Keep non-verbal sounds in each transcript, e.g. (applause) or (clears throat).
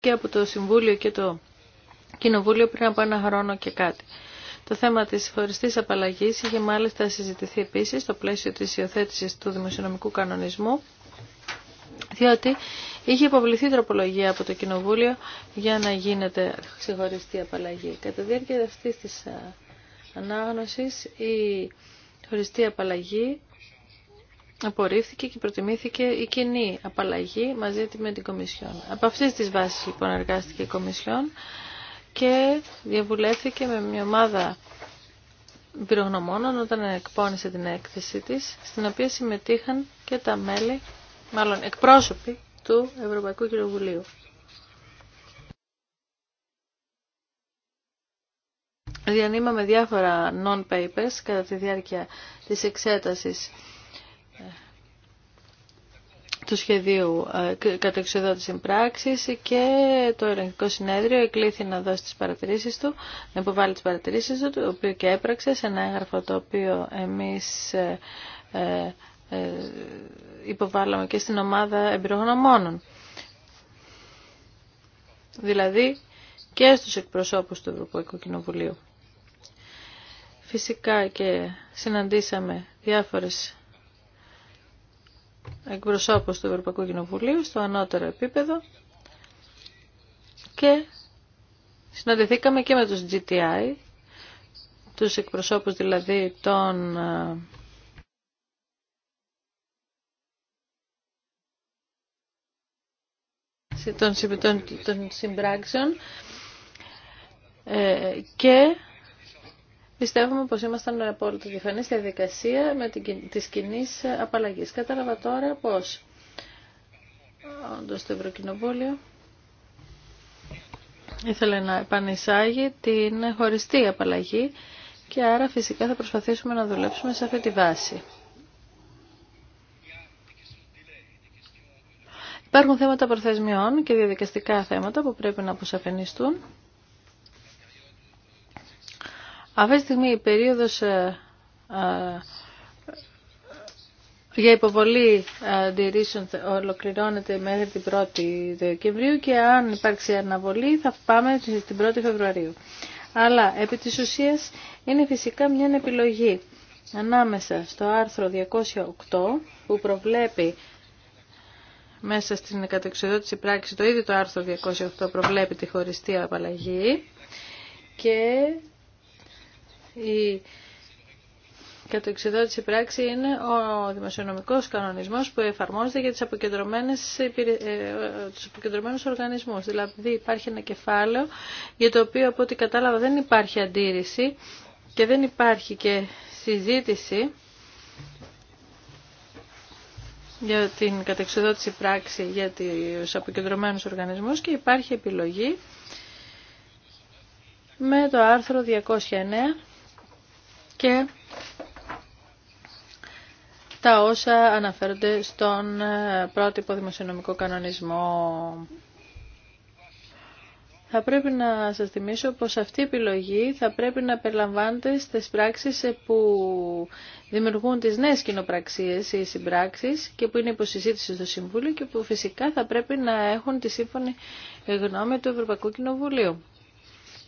και από το Συμβούλιο και το Κοινοβούλιο πριν από ένα χρόνο και κάτι. Το θέμα της χωριστής απαλλαγής είχε μάλιστα συζητηθεί επίσης στο πλαίσιο της υιοθέτηση του δημοσιονομικού κανονισμού, διότι είχε υποβληθεί τροπολογία από το Κοινοβούλιο για να γίνεται ξεχωριστή απαλλαγή. Κατά διάρκεια αυτής της ε, ανάγνωσης η χωριστή απαλλαγή απορρίφθηκε και προτιμήθηκε η κοινή απαλλαγή μαζί με την Κομισιόν. Από αυτή τη βάση λοιπόν εργάστηκε η Κομισιόν και διαβουλεύθηκε με μια ομάδα πυρογνωμόνων όταν εκπώνησε την έκθεση της, στην οποία συμμετείχαν και τα μέλη, μάλλον εκπρόσωποι του Ευρωπαϊκού Κοινοβουλίου. Διανύμαμε διάφορα non-papers κατά τη διάρκεια της εξέτασης του σχεδίου ε, κατεξοδότηση πράξη και το Ελληνικό Συνέδριο εκλήθη να δώσει τις παρατηρήσεις του, να υποβάλει τις παρατηρήσεις του, το οποίο και έπραξε σε ένα έγγραφο το οποίο εμείς ε, ε, υποβάλαμε και στην ομάδα εμπειρογνωμόνων. Δηλαδή και στους εκπροσώπους του Ευρωπαϊκού Κοινοβουλίου. Φυσικά και συναντήσαμε διάφορες εκπροσώπους του Ευρωπαϊκού Κοινοβουλίου στο ανώτερο επίπεδο και συναντηθήκαμε και με τους GTI, τους εκπροσώπους δηλαδή των ε, των, των, των συμπράξεων ε, και Πιστεύουμε πως ήμασταν απόλυτα διαφανείς στη διαδικασία με την, της κοινή απαλλαγής. Κατάλαβα τώρα πως όντως το Ευρωκοινοβούλιο ήθελε να επανεισάγει την χωριστή απαλλαγή και άρα φυσικά θα προσπαθήσουμε να δουλέψουμε σε αυτή τη βάση. Υπάρχουν θέματα προθεσμιών και διαδικαστικά θέματα που πρέπει να αποσαφενιστούν. Αυτή τη στιγμή η περίοδος ε, ε, για υποβολή ε, αντιρρήσεων ολοκληρώνεται μέχρι την 1η Δεκεμβρίου και αν υπάρξει αναβολή θα πάμε στην 1η Φεβρουαρίου. Αλλά επί της ουσίας είναι φυσικά μια επιλογή ανάμεσα στο άρθρο 208 που προβλέπει μέσα στην κατεξοδότηση πράξη το ίδιο το άρθρο 208 προβλέπει τη χωριστή απαλλαγή και η κατεξοδότηση πράξη είναι ο δημοσιονομικός κανονισμός που εφαρμόζεται για τις αποκεντρωμένες, ε, τους αποκεντρωμένους οργανισμούς. Δηλαδή υπάρχει ένα κεφάλαιο για το οποίο από ό,τι κατάλαβα δεν υπάρχει αντίρρηση και δεν υπάρχει και συζήτηση για την κατεξοδότηση πράξη για τους αποκεντρωμένους οργανισμούς και υπάρχει επιλογή με το άρθρο 209 και τα όσα αναφέρονται στον ε, πρότυπο δημοσιονομικό κανονισμό. Θα πρέπει να σας θυμίσω πως αυτή η επιλογή θα πρέπει να περιλαμβάνεται στις πράξεις που δημιουργούν τις νέες κοινοπραξίες ή συμπράξεις και που είναι υποσυζήτηση στο Συμβούλιο και που φυσικά θα πρέπει να έχουν τη σύμφωνη γνώμη του Ευρωπαϊκού Κοινοβουλίου.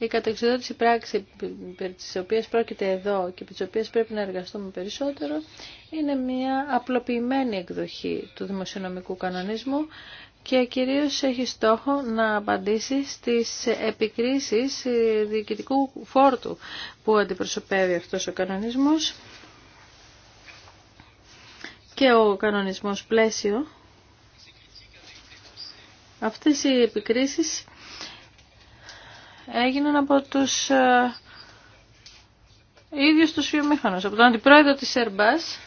Η κατεξοδότηση πράξη της οποίας πρόκειται εδώ και περί τη πρέπει να εργαστούμε περισσότερο είναι μια απλοποιημένη εκδοχή του δημοσιονομικού κανονισμού και κυρίως έχει στόχο να απαντήσει στις επικρίσεις ε, διοικητικού φόρτου που αντιπροσωπεύει αυτός ο κανονισμός και ο κανονισμός πλαίσιο. Αυτές οι επικρίσεις έγιναν από τους ε, ίδιους τους βιομήχανους, από τον αντιπρόεδρο της Airbus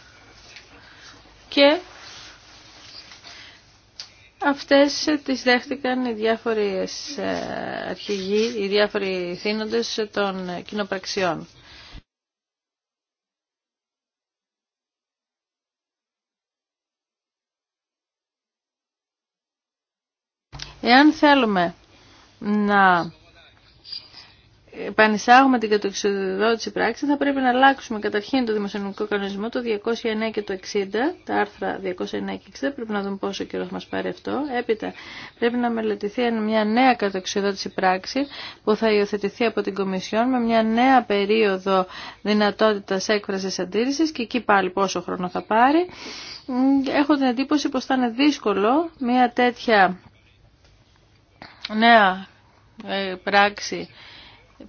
και Αυτές ε, τις δέχτηκαν οι διάφορες ε, αρχηγοί, οι διάφοροι θύνοντες των κοινοπραξιών. Εάν θέλουμε να επανεισάγουμε την κατοξιδότηση πράξη θα πρέπει να αλλάξουμε καταρχήν το δημοσιονομικό κανονισμό, το 209 και το 60, τα άρθρα 209 και 60, πρέπει να δούμε πόσο καιρό μας πάρει αυτό. Έπειτα πρέπει να μελετηθεί μια νέα κατοξιδότηση πράξη που θα υιοθετηθεί από την Κομισιόν με μια νέα περίοδο δυνατότητας έκφρασης αντίρρησης και εκεί πάλι πόσο χρόνο θα πάρει. Έχω την εντύπωση πως θα είναι δύσκολο μια τέτοια νέα ε, πράξη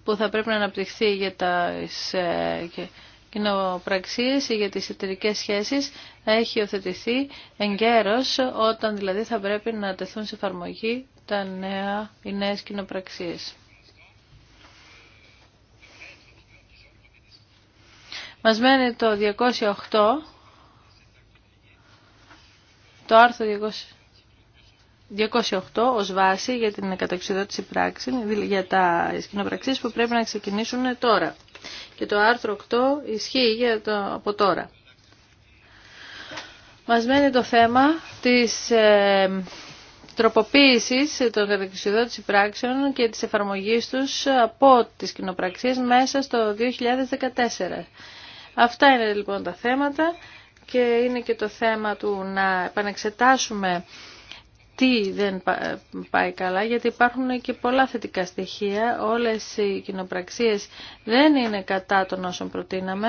που θα πρέπει να αναπτυχθεί για τις ε, κοινοπραξίε ή για τις εταιρικέ σχέσεις να έχει οθετηθεί εγκαίρω όταν δηλαδή θα πρέπει να τεθούν σε εφαρμογή τα νέα, οι νέες κοινοπραξίε. Μας μένει το 208, το άρθρο 208 208 ως βάση για την καταξιδότηση πράξη, για τα κοινοπραξίες που πρέπει να ξεκινήσουν τώρα. Και το άρθρο 8 ισχύει για το, από τώρα. Μας μένει το θέμα της ε, τροποποίησης των καταξιδότηση πράξεων και της εφαρμογής τους από τις κοινοπραξίες μέσα στο 2014. Αυτά είναι λοιπόν τα θέματα και είναι και το θέμα του να επανεξετάσουμε τι δεν πάει καλά, γιατί υπάρχουν και πολλά θετικά στοιχεία. Όλες οι κοινοπραξίες δεν είναι κατά των όσων προτείναμε,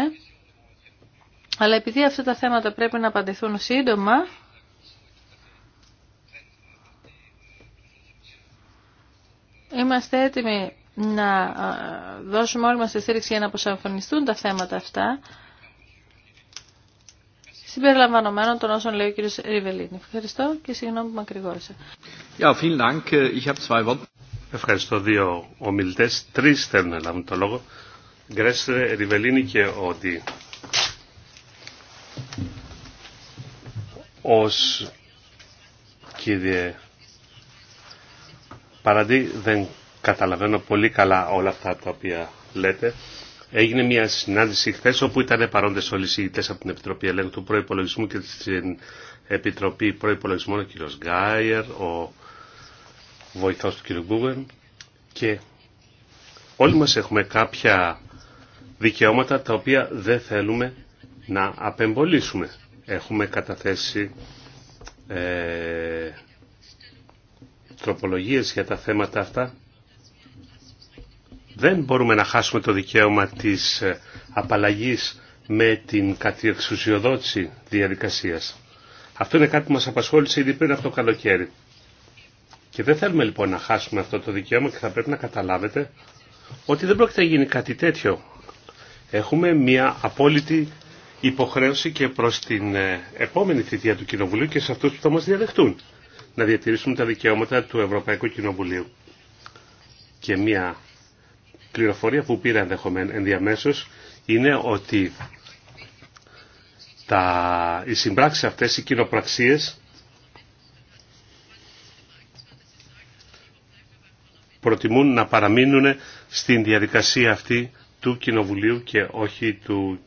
αλλά επειδή αυτά τα θέματα πρέπει να απαντηθούν σύντομα, είμαστε έτοιμοι να ε, δώσουμε όλη μας τη στήριξη για να αποσαμφωνιστούν τα θέματα αυτά συμπεριλαμβανομένων των όσων λέει ο κ. Ριβελίνη. Ευχαριστώ και συγγνώμη που με μακρηγόρησα. Ευχαριστώ δύο ομιλητέ. Τρει θέλουν να λάβουν το λόγο. Γκρέσλε, Ριβελίνη και Όντι. Ω κύριε Παραντή δεν καταλαβαίνω πολύ καλά όλα αυτά τα οποία λέτε Έγινε μια συνάντηση χθε όπου ήταν παρόντε όλοι οι από την Επιτροπή Ελέγχου του Προπολογισμού και την Επιτροπή Προπολογισμών, ο κ. Γκάιερ, ο βοηθό του κ. Γκούγεν. Και όλοι μα έχουμε κάποια δικαιώματα τα οποία δεν θέλουμε να απεμπολίσουμε. Έχουμε καταθέσει ε, τροπολογίες για τα θέματα αυτά δεν μπορούμε να χάσουμε το δικαίωμα της ε, απαλλαγής με την εξουσιοδότηση διαδικασίας. Αυτό είναι κάτι που μας απασχόλησε ήδη πριν από το καλοκαίρι. Και δεν θέλουμε λοιπόν να χάσουμε αυτό το δικαίωμα και θα πρέπει να καταλάβετε ότι δεν πρόκειται να γίνει κάτι τέτοιο. Έχουμε μια απόλυτη υποχρέωση και προς την ε, επόμενη θητεία του Κοινοβουλίου και σε αυτούς που θα μας διαδεχτούν να διατηρήσουμε τα δικαιώματα του Ευρωπαϊκού Κοινοβουλίου. Και μια πληροφορία που πήρα ενδεχομένω ενδιαμέσω είναι ότι τα, οι συμπράξει αυτέ, οι κοινοπραξίε, προτιμούν να παραμείνουν στην διαδικασία αυτή του Κοινοβουλίου και όχι του,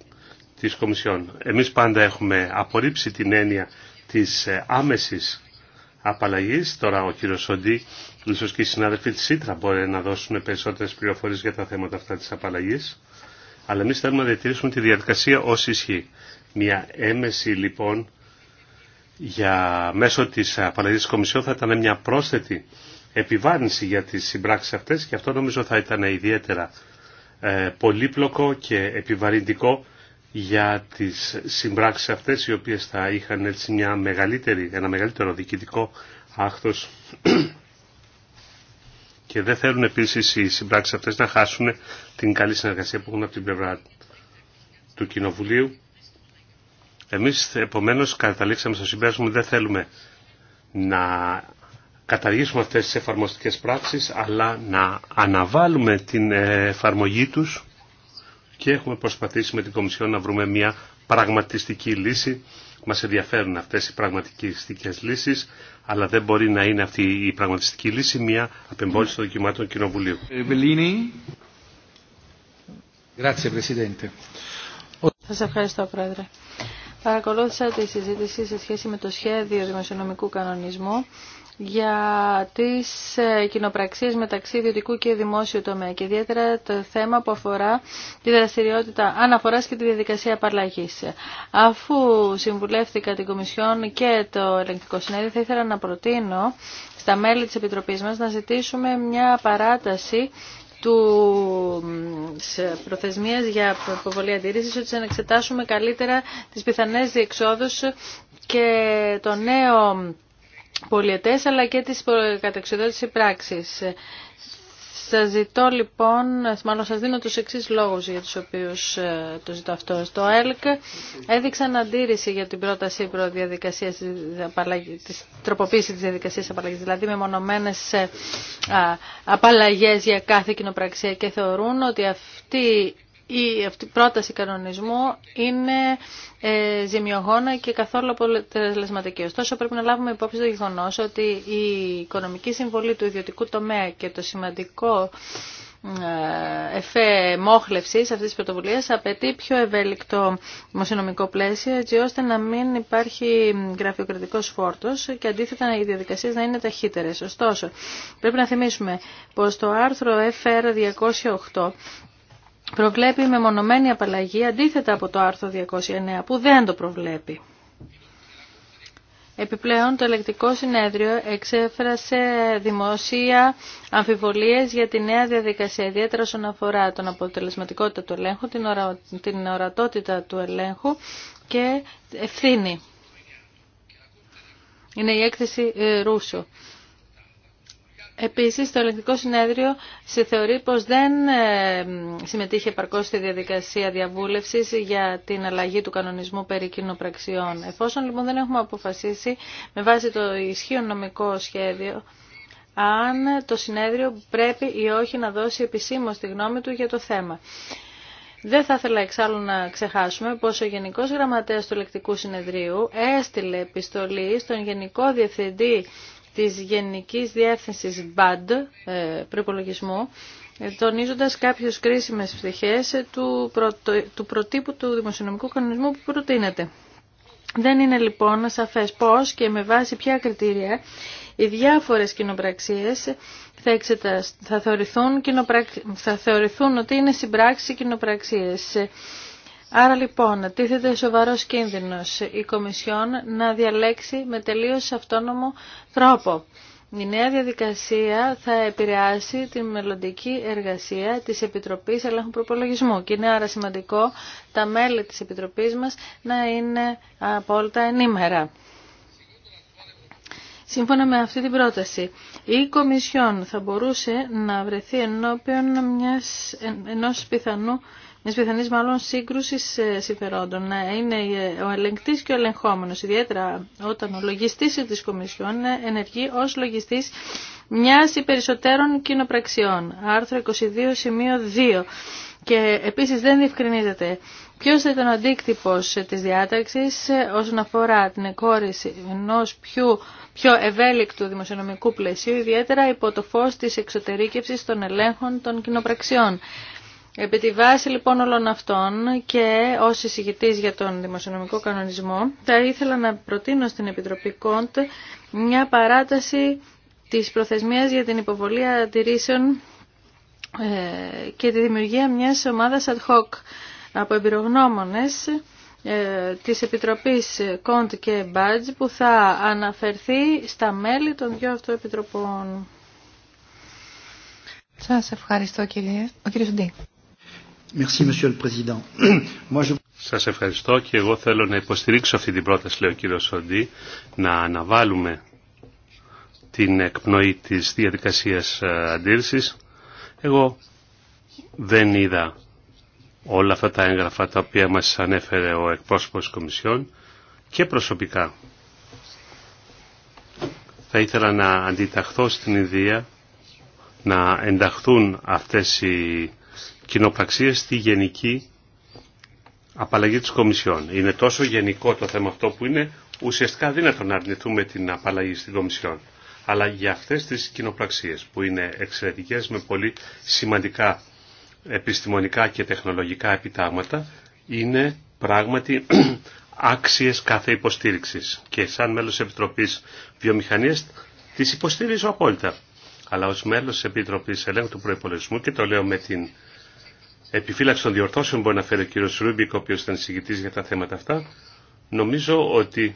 της Κομισιόν. Εμείς πάντα έχουμε απορρίψει την έννοια της ε, άμεσης απαλλαγής. Τώρα ο κύριος Σοντή Ίσως και οι συνάδελφοι τη ΣΥΤΡΑ μπορεί να δώσουν περισσότερε πληροφορίε για τα θέματα αυτά της απαλλαγή, Αλλά εμεί θέλουμε να διατηρήσουμε τη διαδικασία ω ισχύ. Μια έμεση λοιπόν για, μέσω της απαλλαγή της Κομισιόν θα ήταν μια πρόσθετη επιβάρυνση για τις συμπράξεις αυτές και αυτό νομίζω θα ήταν ιδιαίτερα ε, πολύπλοκο και επιβαρυντικό για τις συμπράξεις αυτές οι οποίες θα είχαν έτσι μια μεγαλύτερη, ένα μεγαλύτερο διοικητικό άχθος και δεν θέλουν επίση οι συμπράξει αυτέ να χάσουν την καλή συνεργασία που έχουν από την πλευρά του Κοινοβουλίου. Εμεί επομένω καταλήξαμε στο συμπέρασμα ότι δεν θέλουμε να καταργήσουμε αυτέ τι εφαρμοστικέ πράξεις αλλά να αναβάλουμε την εφαρμογή τους και έχουμε προσπαθήσει με την Κομισιόν να βρούμε μια πραγματιστική λύση μας ενδιαφέρουν αυτές οι πραγματικιστικές λύσεις, αλλά δεν μπορεί να είναι αυτή η πραγματιστική λύση μια απεμπόληση των δοκιμάτων του Κοινοβουλίου. Σα ευχαριστώ, Πρόεδρε. Παρακολούθησα τη συζήτηση σε σχέση με το σχέδιο δημοσιονομικού κανονισμού για τις ε, κοινοπραξίες μεταξύ ιδιωτικού και δημόσιου τομέα και ιδιαίτερα το θέμα που αφορά τη δραστηριότητα αναφοράς και τη διαδικασία απαλλαγής. Αφού συμβουλεύτηκα την Κομισιόν και το Ελεγκτικό Συνέδριο θα ήθελα να προτείνω στα μέλη της Επιτροπής μας να ζητήσουμε μια παράταση του προθεσμίας για προβολή αντίρρησης ότι να εξετάσουμε καλύτερα τις πιθανές διεξόδους και το νέο πολιετές αλλά και της κατεξοδότησης πράξης. Σας ζητώ λοιπόν, μάλλον σας δίνω τους εξής λόγους για τους οποίους ε, το ζητώ αυτό. το ΕΛΚ έδειξαν αντίρρηση για την πρόταση προδιαδικασίας της τροποποίησης της διαδικασίας απαλλαγής, δηλαδή με μονομένες ε, απαλλαγές για κάθε κοινοπραξία και θεωρούν ότι αυτή η αυτή, πρόταση κανονισμού είναι ε, ζημιογόνα και καθόλου αποτελεσματική. Ωστόσο, πρέπει να λάβουμε υπόψη το γεγονό ότι η οικονομική συμβολή του ιδιωτικού τομέα και το σημαντικό ε, εφέ μόχλευση αυτή τη πρωτοβουλία απαιτεί πιο ευέλικτο δημοσιονομικό πλαίσιο, έτσι ώστε να μην υπάρχει γραφειοκρατικό φόρτο και αντίθετα οι διαδικασίε να είναι ταχύτερε. Ωστόσο, πρέπει να θυμίσουμε πω το άρθρο FR 208 προβλέπει μεμονωμένη απαλλαγή αντίθετα από το άρθρο 209 που δεν το προβλέπει. Επιπλέον, το ελεκτικό συνέδριο εξέφρασε δημόσια αμφιβολίες για τη νέα διαδικασία, ιδιαίτερα όσον αφορά τον αποτελεσματικότητα του ελέγχου, την, ορα... την ορατότητα του ελέγχου και ευθύνη. Είναι η έκθεση ε, Ρούσο. Επίσης, το ελεγκτικό συνέδριο σε θεωρεί πως δεν ε, συμμετείχε επαρκώς στη διαδικασία διαβούλευσης για την αλλαγή του κανονισμού περί κοινοπραξιών. Εφόσον λοιπόν δεν έχουμε αποφασίσει με βάση το ισχύον νομικό σχέδιο, αν το συνέδριο πρέπει ή όχι να δώσει επισήμως τη γνώμη του για το θέμα. Δεν θα ήθελα εξάλλου να ξεχάσουμε πως ο Γενικός Γραμματέας του Ελεκτικού Συνεδρίου έστειλε επιστολή στον Γενικό Διευθυντή της Γενικής Διεύθυνσης bad ε, προπολογισμού, τονίζοντας κάποιες κρίσιμες πτυχές του, του προτύπου του δημοσιονομικού κανονισμού που προτείνεται. Δεν είναι λοιπόν σαφές πώς και με βάση ποια κριτήρια οι διάφορες κοινοπραξίες θα, θα, θεωρηθούν, κοινοπραξ... θα θεωρηθούν ότι είναι συμπράξει κοινοπραξίες. Άρα λοιπόν, τίθεται σοβαρο κίνδυνο η Κομισιόν να διαλέξει με τελείως αυτόνομο τρόπο. Η νέα διαδικασία θα επηρεάσει τη μελλοντική εργασία της Επιτροπής Ελέγχου Προπολογισμού και είναι άρα σημαντικό τα μέλη της Επιτροπής μας να είναι απόλυτα ενήμερα. Σύμφωνα με αυτή την πρόταση, η Κομισιόν θα μπορούσε να βρεθεί ενώπιον μιας, ενός πιθανού ε, ναι, είναι πιθανή, μάλλον σύγκρουση συμφερόντων. είναι ο ελεγκτής και ο ελεγχόμενο, ιδιαίτερα όταν ο λογιστής τη Κομισιόν ε, ενεργεί ω λογιστή μια ή περισσότερων κοινοπραξιών. Άρθρο 22 σημείο 2. Και επίση, δεν διευκρινίζεται ποιο θα ήταν ο αντίκτυπο ε, τη διάταξη όσον αφορά την εκόρηση ενό πιο, πιο ευέλικτου δημοσιονομικού πλαισίου, ιδιαίτερα υπό το φως τη εξωτερήκευση των ελέγχων των κοινοπραξιών. Επί τη βάση λοιπόν όλων αυτών και ω εισηγητή για τον δημοσιονομικό κανονισμό θα ήθελα να προτείνω στην Επιτροπή Κοντ μια παράταση της προθεσμίας για την υποβολή αντιρρήσεων ε, και τη δημιουργία μια ομάδα ad hoc από εμπειρογνώμονες ε, της Επιτροπής Κοντ και Μπάτζ που θα αναφερθεί στα μέλη των δυο αυτών επιτροπών. Σας ευχαριστώ κύριε. Ο κύριος (clears throat) Σας ευχαριστώ και εγώ θέλω να υποστηρίξω αυτή την πρόταση, λέει ο κύριος Σοντή, να αναβάλουμε την εκπνοή της διαδικασίας ε, αντίρρησης. Εγώ δεν είδα όλα αυτά τα έγγραφα τα οποία μας ανέφερε ο εκπρόσωπος της Κομισιόν και προσωπικά. Θα ήθελα να αντιταχθώ στην ιδέα να ενταχθούν αυτές οι κοινοπραξίε στη γενική απαλλαγή της Κομισιόν. Είναι τόσο γενικό το θέμα αυτό που είναι ουσιαστικά δύνατο να αρνηθούμε την απαλλαγή στην Κομισιόν. Αλλά για αυτές τις κοινοπραξίες που είναι εξαιρετικές με πολύ σημαντικά επιστημονικά και τεχνολογικά επιτάγματα είναι πράγματι (clears throat) άξιες κάθε υποστήριξης. Και σαν μέλος Επιτροπής Βιομηχανίας τις υποστηρίζω απόλυτα. Αλλά ως μέλος τη Επιτροπής Ελέγχου του Προϋπολογισμού και το λέω με την επιφύλαξη των διορθώσεων μπορεί να φέρει ο κύριος Ρούμπικ, ο οποίος ήταν συγκητής για τα θέματα αυτά, νομίζω ότι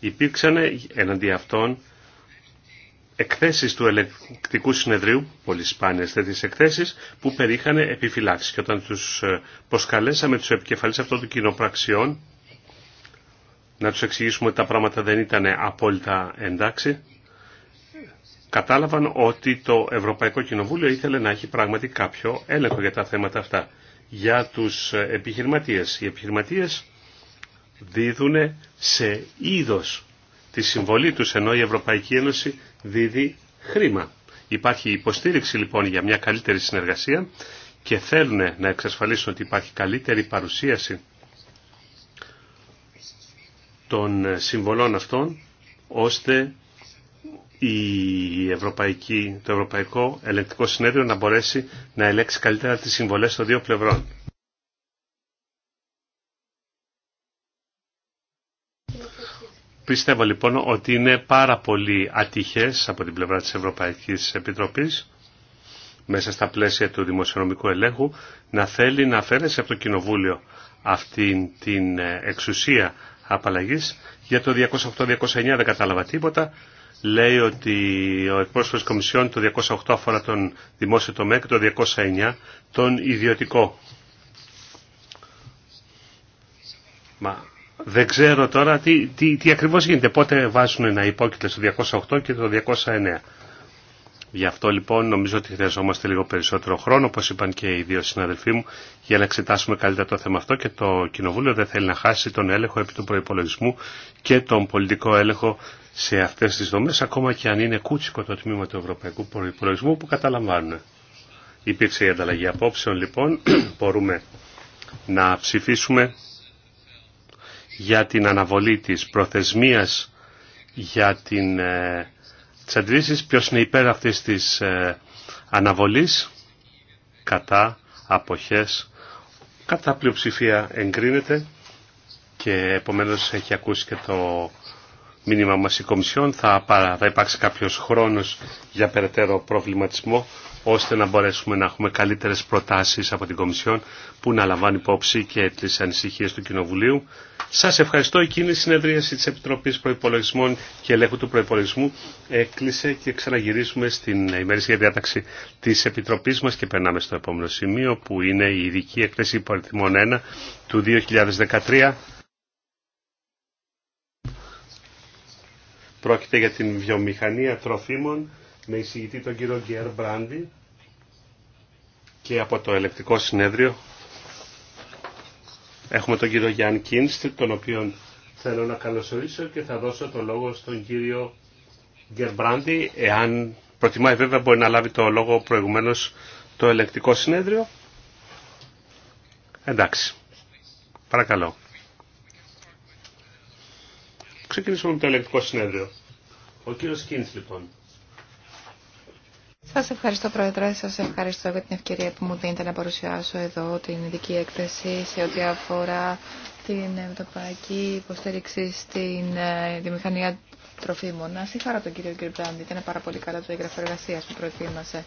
υπήρξαν ε, εναντί αυτών εκθέσεις του ελεκτικού συνεδρίου, πολύ σπάνιες τέτοιες εκθέσεις, που περίχανε επιφυλάξεις. Και όταν τους ε, προσκαλέσαμε τους επικεφαλής αυτών των κοινοπραξιών, να τους εξηγήσουμε ότι τα πράγματα δεν ήταν απόλυτα εντάξει, κατάλαβαν ότι το Ευρωπαϊκό Κοινοβούλιο ήθελε να έχει πράγματι κάποιο έλεγχο για τα θέματα αυτά. Για τους επιχειρηματίες. Οι επιχειρηματίες δίδουν σε είδος τη συμβολή τους, ενώ η Ευρωπαϊκή Ένωση δίδει χρήμα. Υπάρχει υποστήριξη λοιπόν για μια καλύτερη συνεργασία και θέλουν να εξασφαλίσουν ότι υπάρχει καλύτερη παρουσίαση των συμβολών αυτών, ώστε η Ευρωπαϊκή, το Ευρωπαϊκό Ελεκτικό Συνέδριο να μπορέσει να ελέξει καλύτερα τις συμβολές των δύο πλευρών. Πιστεύω λοιπόν ότι είναι πάρα πολύ ατυχές από την πλευρά της Ευρωπαϊκής Επιτροπής μέσα στα πλαίσια του δημοσιονομικού ελέγχου να θέλει να αφαίρεσει από το Κοινοβούλιο αυτή την εξουσία απαλλαγής για το 208-209 δεν κατάλαβα τίποτα λέει ότι ο εκπρόσωπος Κομισιόν το 208 αφορά τον δημόσιο τομέα και το 209 τον ιδιωτικό. Μα δεν ξέρω τώρα τι, τι, τι ακριβώς γίνεται. Πότε βάζουν ένα υπόκειτο στο 208 και το 209. Γι' αυτό λοιπόν νομίζω ότι χρειαζόμαστε λίγο περισσότερο χρόνο, όπως είπαν και οι δύο συναδελφοί μου, για να εξετάσουμε καλύτερα το θέμα αυτό και το Κοινοβούλιο δεν θέλει να χάσει τον έλεγχο επί του προϋπολογισμού και τον πολιτικό έλεγχο σε αυτές τις δομές, ακόμα και αν είναι κούτσικο το τμήμα του Ευρωπαϊκού Προϋπολογισμού που καταλαμβάνουν. Υπήρξε η ανταλλαγή απόψεων, λοιπόν, (clears throat) μπορούμε να ψηφίσουμε για την αναβολή της προθεσμίας για την, ε, τις ποιος είναι υπέρ αυτής της ε, αναβολής, κατά, αποχές, κατά πλειοψηφία εγκρίνεται και επομένως έχει ακούσει και το μήνυμα μας η Κομισιόν. Θα, θα υπάρξει κάποιος χρόνος για περαιτέρω προβληματισμό ώστε να μπορέσουμε να έχουμε καλύτερες προτάσεις από την Κομισιόν που να λαμβάνει υπόψη και τις ανησυχίες του Κοινοβουλίου. Σας ευχαριστώ. Εκείνη κίνηση συνεδρίαση της Επιτροπής Προϋπολογισμών και Ελέγχου του Προϋπολογισμού έκλεισε και ξαναγυρίσουμε στην ημερήσια διάταξη της Επιτροπής μας και περνάμε στο επόμενο σημείο που είναι η ειδική έκθεση υπαριθμών 1 του 2013. Πρόκειται για την βιομηχανία τροφίμων με εισηγητή τον κύριο Γκέρ Μπράντι και από το ελεκτικό συνέδριο έχουμε τον κύριο Γιάν Κίνστ, τον οποίο θέλω να καλωσορίσω και θα δώσω το λόγο στον κύριο Μπράντι εάν προτιμάει βέβαια μπορεί να λάβει το λόγο προηγουμένως το ελεκτικό συνέδριο. Εντάξει. Παρακαλώ ξεκινήσουμε με το ελεκτικό συνέδριο. Ο κύριο Κίνη, λοιπόν. Σας ευχαριστώ Πρόεδρε, Σα ευχαριστώ για την ευκαιρία που μου δίνετε να παρουσιάσω εδώ την ειδική έκθεση σε ό,τι αφορά την ευρωπαϊκή υποστήριξη στην βιομηχανία ε, τροφίμων. Να συγχαρώ τον κύριο Γκριμπράντη, ήταν πάρα πολύ καλά το έγγραφο εργασία που προετοίμασε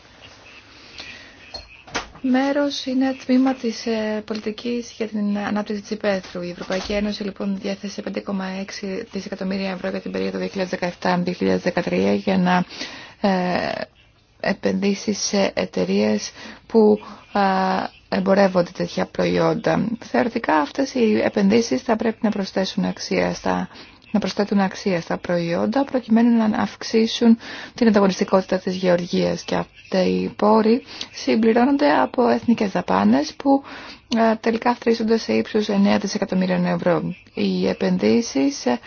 μέρος είναι τμήμα της ε, πολιτικής για την ανάπτυξη της υπαίθρου. Η Ευρωπαϊκή Ένωση λοιπόν διέθεσε 5,6 δισεκατομμύρια ευρώ για την περίοδο 2017-2013 για να ε, επενδύσει σε εταιρείε που εμπορεύονται τέτοια προϊόντα. Θεωρητικά αυτές οι επενδύσεις θα πρέπει να προσθέσουν αξία στα να προσθέτουν αξία στα προϊόντα προκειμένου να αυξήσουν την ανταγωνιστικότητα της γεωργίας και αυτοί οι πόροι συμπληρώνονται από εθνικές δαπάνες που ε, τελικά θρήσονται σε ύψους 9 δισεκατομμύριων ευρώ. Οι επενδύσεις ε,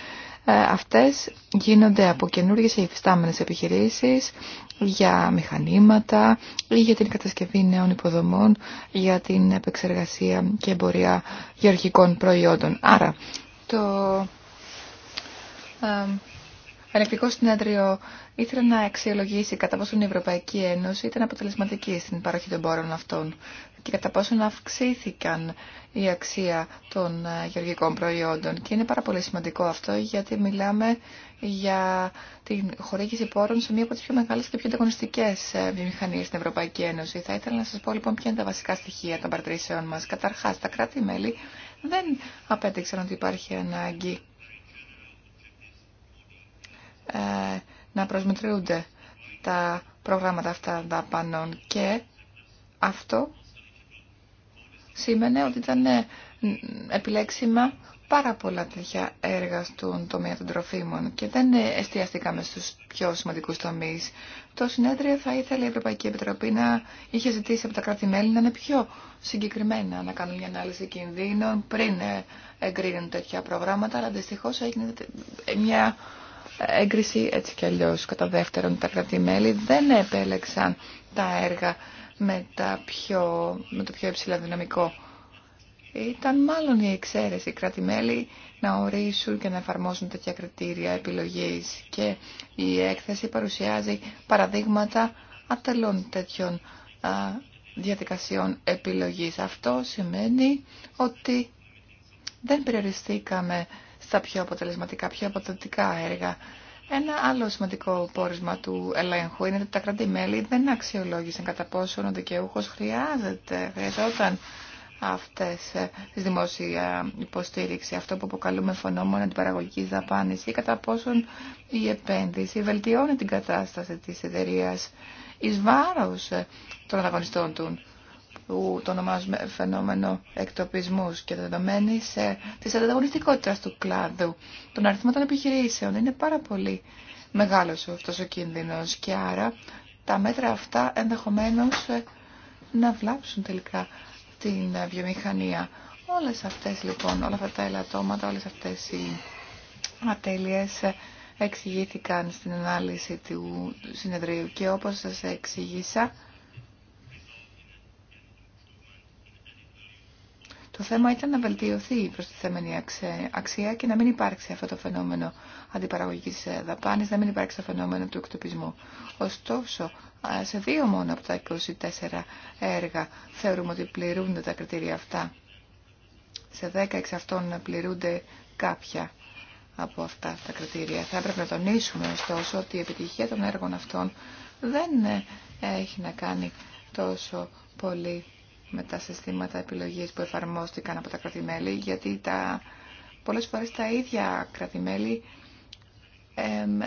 ε, αυτές γίνονται από καινούργιες υφιστάμενες επιχειρήσεις για μηχανήματα ή για την κατασκευή νέων υποδομών για την επεξεργασία και εμπορία γεωργικών προϊόντων. Άρα το ε, ελεκτικό συνέδριο ήθελε να αξιολογήσει κατά πόσο η Ευρωπαϊκή Ένωση ήταν αποτελεσματική στην παροχή των πόρων αυτών και κατά πόσο αυξήθηκαν η αξία των ε, γεωργικών προϊόντων. Και είναι πάρα πολύ σημαντικό αυτό γιατί μιλάμε για την χορήγηση πόρων σε μία από τι πιο μεγάλε και πιο ανταγωνιστικέ ε, βιομηχανίε στην Ευρωπαϊκή Ένωση. Θα ήθελα να σα πω λοιπόν ποια είναι τα βασικά στοιχεία των παρτρήσεων μα. Καταρχάς, τα κράτη-μέλη δεν απέτυξαν ότι υπάρχει ανάγκη ε, να προσμετρούνται τα προγράμματα αυτά δαπανών και αυτό σήμαινε ότι ήταν ε, επιλέξιμα πάρα πολλά τέτοια έργα στον τομέα των τροφίμων και δεν ε, εστιαστήκαμε στους πιο σημαντικούς τομείς. Το συνέδριο θα ήθελε η Ευρωπαϊκή Επιτροπή να είχε ζητήσει από τα κράτη-μέλη να είναι πιο συγκεκριμένα, να κάνουν μια ανάλυση κινδύνων πριν εγκρίνουν τέτοια προγράμματα, αλλά δυστυχώ έγινε μια έγκριση έτσι κι αλλιώς. Κατά δεύτερον, τα κρατημέλη δεν επέλεξαν τα έργα με, τα πιο, με το πιο υψηλό δυναμικό. Ήταν μάλλον η εξαίρεση οι κρατημέλη να ορίσουν και να εφαρμόσουν τέτοια κριτήρια επιλογής και η έκθεση παρουσιάζει παραδείγματα ατελών τέτοιων α, διαδικασιών επιλογής. Αυτό σημαίνει ότι δεν περιοριστήκαμε στα πιο αποτελεσματικά, πιο αποτελεσματικά έργα. Ένα άλλο σημαντικό πόρισμα του ελέγχου είναι ότι τα κράτη-μέλη δεν αξιολόγησαν κατά πόσο ο δικαιούχο χρειάζεται, χρειαζόταν αυτέ ε, τι δημόσια υποστήριξη, αυτό που αποκαλούμε φαινόμενο αντιπαραγωγική δαπάνη ή κατά πόσον η επένδυση βελτιώνει την κατάσταση τη εταιρεία ει βάρο ε, των ανταγωνιστών του που το ονομάζουμε φαινόμενο εκτοπισμού και δεδομένη τη ανταγωνιστικότητα του κλάδου, των αριθμών των επιχειρήσεων. Είναι πάρα πολύ μεγάλο αυτό ο κίνδυνο και άρα τα μέτρα αυτά ενδεχομένω ε, να βλάψουν τελικά την βιομηχανία. Όλες αυτές λοιπόν, όλα αυτά τα ελαττώματα, όλε αυτές οι ατέλειε ε, εξηγήθηκαν στην ανάλυση του συνεδρίου και όπως σας εξήγησα Το θέμα ήταν να βελτιωθεί η προστιθέμενη αξία και να μην υπάρξει αυτό το φαινόμενο αντιπαραγωγική ε, δαπάνη, να μην υπάρξει το φαινόμενο του εκτοπισμού. Ωστόσο, σε δύο μόνο από τα 24 έργα θεωρούμε ότι πληρούνται τα κριτήρια αυτά. Σε 10 εξ αυτών πληρούνται κάποια από αυτά τα κριτήρια. Θα έπρεπε να τονίσουμε ωστόσο ότι η επιτυχία των έργων αυτών δεν ε, έχει να κάνει τόσο πολύ με τα συστήματα επιλογής που εφαρμόστηκαν από τα κρατημέλη, γιατί τα, πολλές φορές τα ίδια κρατημέλη εμ,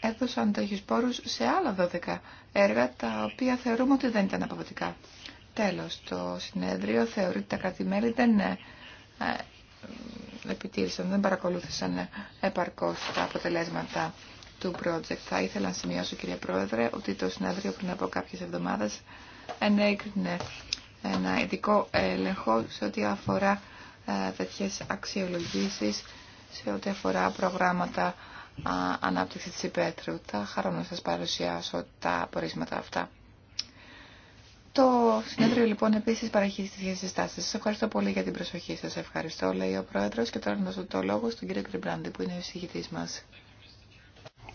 έδωσαν τέτοιους πόρους σε άλλα 12 έργα, τα οποία θεωρούμε ότι δεν ήταν αποδοτικά. Τέλος, το συνέδριο θεωρεί ότι τα κρατημέλη δεν ε, επιτήρησαν, δεν παρακολούθησαν επαρκώς τα αποτελέσματα του project. Θα ήθελα να σημειώσω, κύριε Πρόεδρε, ότι το συνέδριο πριν από κάποιες εβδομάδες ενέκρινε ένα ειδικό έλεγχο σε ό,τι αφορά ε, τέτοιες αξιολογήσεις, σε ό,τι αφορά προγράμματα ανάπτυξης της υπέτρου. Θα χαρώ να σας παρουσιάσω τα απορίσματα αυτά. Το συνέδριο λοιπόν επίσης παραχύει τις συστάσεις. Σας ευχαριστώ πολύ για την προσοχή σας. Ευχαριστώ, λέει ο Πρόεδρος και τώρα να δώσω το λόγο στον κύριο Κρυμπράντη που είναι ο εισηγητής μας.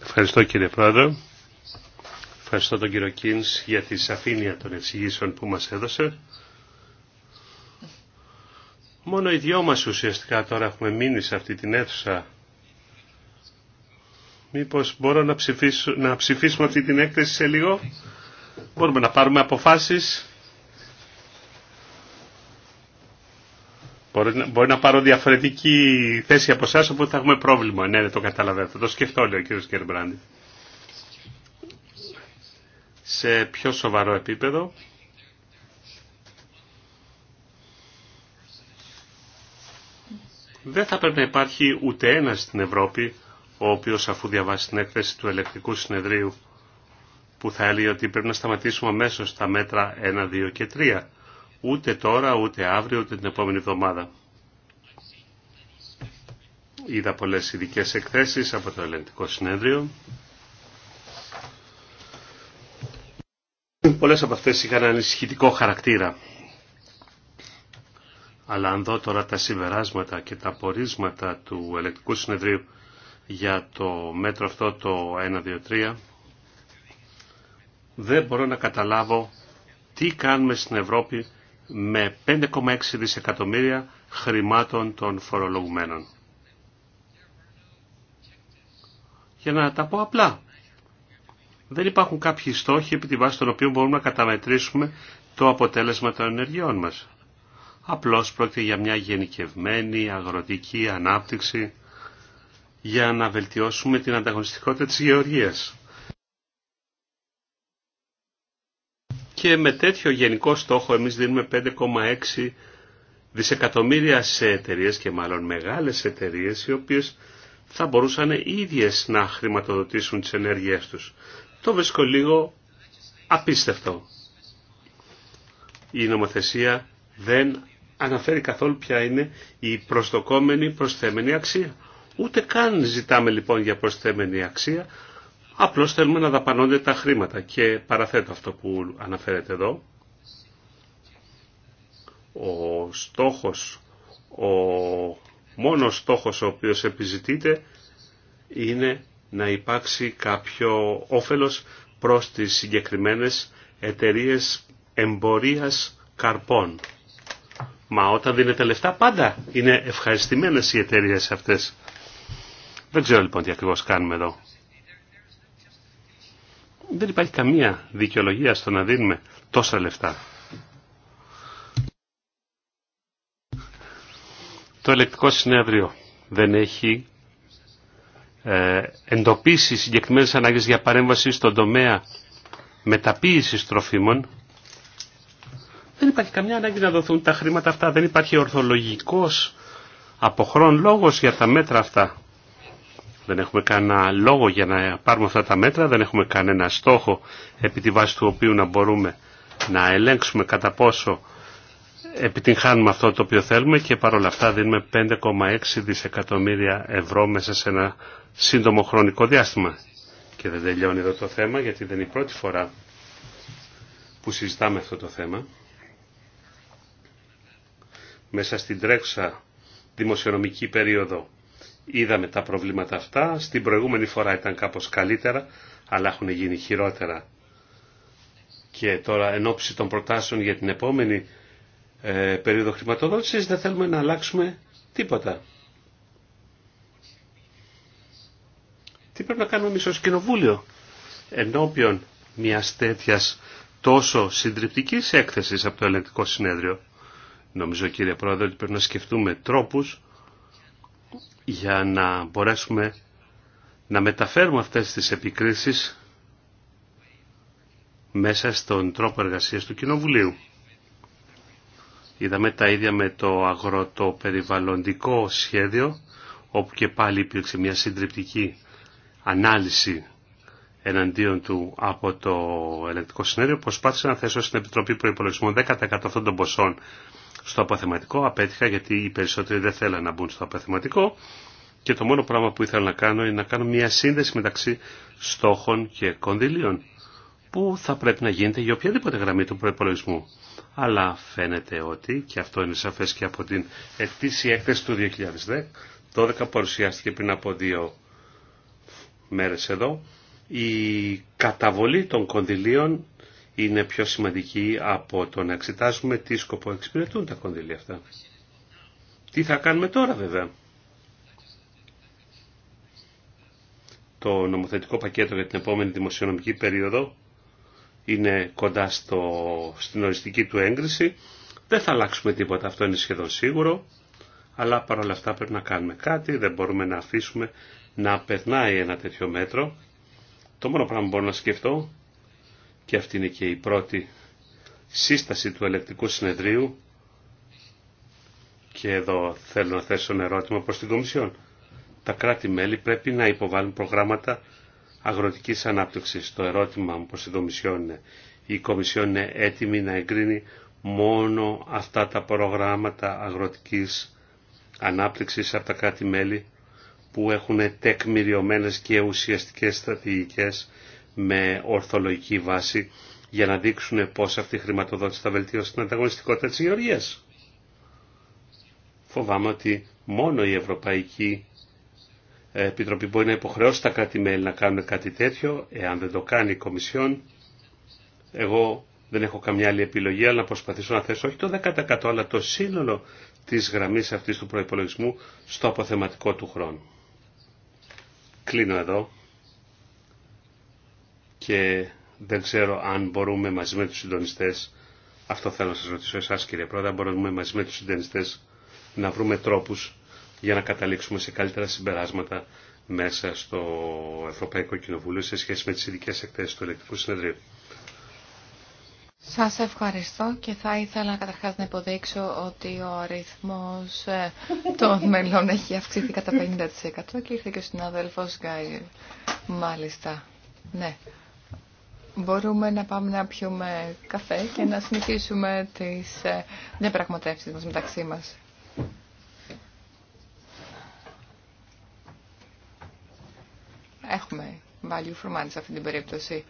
Ευχαριστώ κύριε Πρόεδρο. Ευχαριστώ τον κύριο Κίνς για τη σαφήνεια των εξηγήσεων που μας έδωσε. Μόνο οι δυο μας ουσιαστικά τώρα έχουμε μείνει σε αυτή την αίθουσα. Μήπως μπορώ να, ψηφίσω, να ψηφίσουμε αυτή την έκθεση σε λίγο. Μπορούμε να πάρουμε αποφάσεις. Μπορεί, να πάρω διαφορετική θέση από εσά, οπότε θα έχουμε πρόβλημα. Ναι, δεν το καταλαβαίνω. το σκεφτώ, λέει ο κύριο Κερμπράντη σε πιο σοβαρό επίπεδο. Δεν θα πρέπει να υπάρχει ούτε ένας στην Ευρώπη, ο οποίος αφού διαβάσει την έκθεση του ελεκτικού συνεδρίου, που θα έλεγε ότι πρέπει να σταματήσουμε αμέσω τα μέτρα 1, 2 και 3. Ούτε τώρα, ούτε αύριο, ούτε την επόμενη εβδομάδα. Είδα πολλές ειδικέ εκθέσεις από το ηλεκτρικό συνέδριο. Πολλές από αυτές είχαν ανησυχητικό χαρακτήρα. Αλλά αν δω τώρα τα συμπεράσματα και τα πορίσματα του ελεκτικού συνεδρίου για το μέτρο αυτό το 1-2-3, δεν μπορώ να καταλάβω τι κάνουμε στην Ευρώπη με 5,6 δισεκατομμύρια χρημάτων των φορολογουμένων. Για να τα πω απλά, δεν υπάρχουν κάποιοι στόχοι επί τη βάση των οποίων μπορούμε να καταμετρήσουμε το αποτέλεσμα των ενεργειών μας. Απλώς πρόκειται για μια γενικευμένη αγροτική ανάπτυξη για να βελτιώσουμε την ανταγωνιστικότητα της γεωργίας. Και με τέτοιο γενικό στόχο εμείς δίνουμε 5,6 δισεκατομμύρια σε εταιρείε και μάλλον μεγάλες εταιρείε οι οποίες θα μπορούσαν οι ίδιες να χρηματοδοτήσουν τις ενέργειές τους το βρίσκω λίγο απίστευτο. Η νομοθεσία δεν αναφέρει καθόλου ποια είναι η προστοκόμενη προσθέμενη αξία. Ούτε καν ζητάμε λοιπόν για προσθέμενη αξία, απλώς θέλουμε να δαπανώνται τα χρήματα. Και παραθέτω αυτό που αναφέρεται εδώ. Ο στόχος, ο μόνος στόχος ο οποίος επιζητείται είναι να υπάρξει κάποιο όφελος προς τις συγκεκριμένες εταιρείες εμπορίας καρπών. Μα όταν δίνετε λεφτά πάντα είναι ευχαριστημένες οι εταιρείε αυτές. Δεν ξέρω λοιπόν τι ακριβώς κάνουμε εδώ. Δεν υπάρχει καμία δικαιολογία στο να δίνουμε τόσα λεφτά. Το ελεκτικό συνέδριο δεν έχει ε, εντοπίσει συγκεκριμένες ανάγκες για παρέμβαση στον τομέα μεταποίησης τροφίμων, δεν υπάρχει καμιά ανάγκη να δοθούν τα χρήματα αυτά. Δεν υπάρχει ορθολογικός αποχρόν λόγος για τα μέτρα αυτά. Δεν έχουμε κανένα λόγο για να πάρουμε αυτά τα μέτρα, δεν έχουμε κανένα στόχο επί τη βάση του οποίου να μπορούμε να ελέγξουμε κατά πόσο επιτυγχάνουμε αυτό το οποίο θέλουμε και παρόλα αυτά δίνουμε 5,6 δισεκατομμύρια ευρώ μέσα σε ένα σύντομο χρονικό διάστημα. Και δεν τελειώνει εδώ το θέμα γιατί δεν είναι η πρώτη φορά που συζητάμε αυτό το θέμα. Μέσα στην τρέξα δημοσιονομική περίοδο είδαμε τα προβλήματα αυτά. Στην προηγούμενη φορά ήταν κάπως καλύτερα, αλλά έχουν γίνει χειρότερα. Και τώρα εν ώψη των προτάσεων για την επόμενη ε, περίοδο χρηματοδότησης δεν θέλουμε να αλλάξουμε τίποτα. Τι πρέπει να κάνουμε εμείς ως κοινοβούλιο ενώπιον μιας τέτοιας τόσο συντριπτικής έκθεσης από το ελεγκτικό συνέδριο. Νομίζω κύριε Πρόεδρε ότι πρέπει να σκεφτούμε τρόπους για να μπορέσουμε να μεταφέρουμε αυτές τις επικρίσεις μέσα στον τρόπο εργασίας του Κοινοβουλίου. Είδαμε τα ίδια με το αγροτοπεριβαλλοντικό σχέδιο, όπου και πάλι υπήρξε μια συντριπτική ανάλυση εναντίον του από το ελεκτικό συνέδριο. Προσπάθησα να θέσω στην Επιτροπή Προϋπολογισμών 10% αυτών των ποσών στο αποθεματικό. Απέτυχα γιατί οι περισσότεροι δεν θέλαν να μπουν στο αποθεματικό. Και το μόνο πράγμα που ήθελα να κάνω είναι να κάνω μια σύνδεση μεταξύ στόχων και κονδυλίων που θα πρέπει να γίνεται για οποιαδήποτε γραμμή του προπολογισμού. Αλλά φαίνεται ότι, και αυτό είναι σαφές και από την ετήσια έκθεση του 2010, 12 παρουσιάστηκε πριν από δύο μέρες εδώ, η καταβολή των κονδυλίων είναι πιο σημαντική από το να εξετάσουμε τι σκοπό εξυπηρετούν τα κονδύλια αυτά. Τι θα κάνουμε τώρα βέβαια. Το νομοθετικό πακέτο για την επόμενη δημοσιονομική περίοδο είναι κοντά στο, στην οριστική του έγκριση. Δεν θα αλλάξουμε τίποτα, αυτό είναι σχεδόν σίγουρο. Αλλά παρόλα αυτά πρέπει να κάνουμε κάτι, δεν μπορούμε να αφήσουμε να περνάει ένα τέτοιο μέτρο. Το μόνο πράγμα που μπορώ να σκεφτώ, και αυτή είναι και η πρώτη σύσταση του ελεκτικού συνεδρίου, και εδώ θέλω να θέσω ένα ερώτημα προς την Κομισιόν. Τα κράτη-μέλη πρέπει να υποβάλουν προγράμματα αγροτικής ανάπτυξης. Το ερώτημα μου προς η Κομισιόν είναι, η Κομισιόν είναι έτοιμη να εγκρίνει μόνο αυτά τα προγράμματα αγροτικής ανάπτυξης από τα κράτη-μέλη που έχουν τεκμηριωμένες και ουσιαστικές στρατηγικές με ορθολογική βάση για να δείξουν πώς αυτή η χρηματοδότηση θα βελτιώσει την ανταγωνιστικότητα της γεωργίας. Φοβάμαι ότι μόνο η Ευρωπαϊκή Επιτροπή μπορεί να υποχρεώσει τα κράτη-μέλη να κάνουν κάτι τέτοιο. Εάν δεν το κάνει η Κομισιόν, εγώ δεν έχω καμιά άλλη επιλογή, αλλά να προσπαθήσω να θέσω όχι το 10% αλλά το σύνολο της γραμμής αυτής του προϋπολογισμού στο αποθεματικό του χρόνου. Κλείνω εδώ και δεν ξέρω αν μπορούμε μαζί με τους συντονιστές, αυτό θέλω να σας ρωτήσω εσάς κύριε Πρόεδρε, αν μπορούμε μαζί με τους συντονιστές να βρούμε τρόπους για να καταλήξουμε σε καλύτερα συμπεράσματα μέσα στο Ευρωπαϊκό Κοινοβούλιο σε σχέση με τις ειδικές εκθέσεις του Ελεκτικού Συνεδρίου. Σας ευχαριστώ και θα ήθελα καταρχάς να υποδείξω ότι ο αριθμός ε, των (laughs) μελών έχει αυξηθεί κατά 50% και ήρθε και ο συνάδελφος Γκάι. Μάλιστα, ναι. Μπορούμε να πάμε να πιούμε καφέ και να συνεχίσουμε τις ε, διαπραγματεύσεις μας μεταξύ μας. Έχουμε value for money σε αυτή την περίπτωση.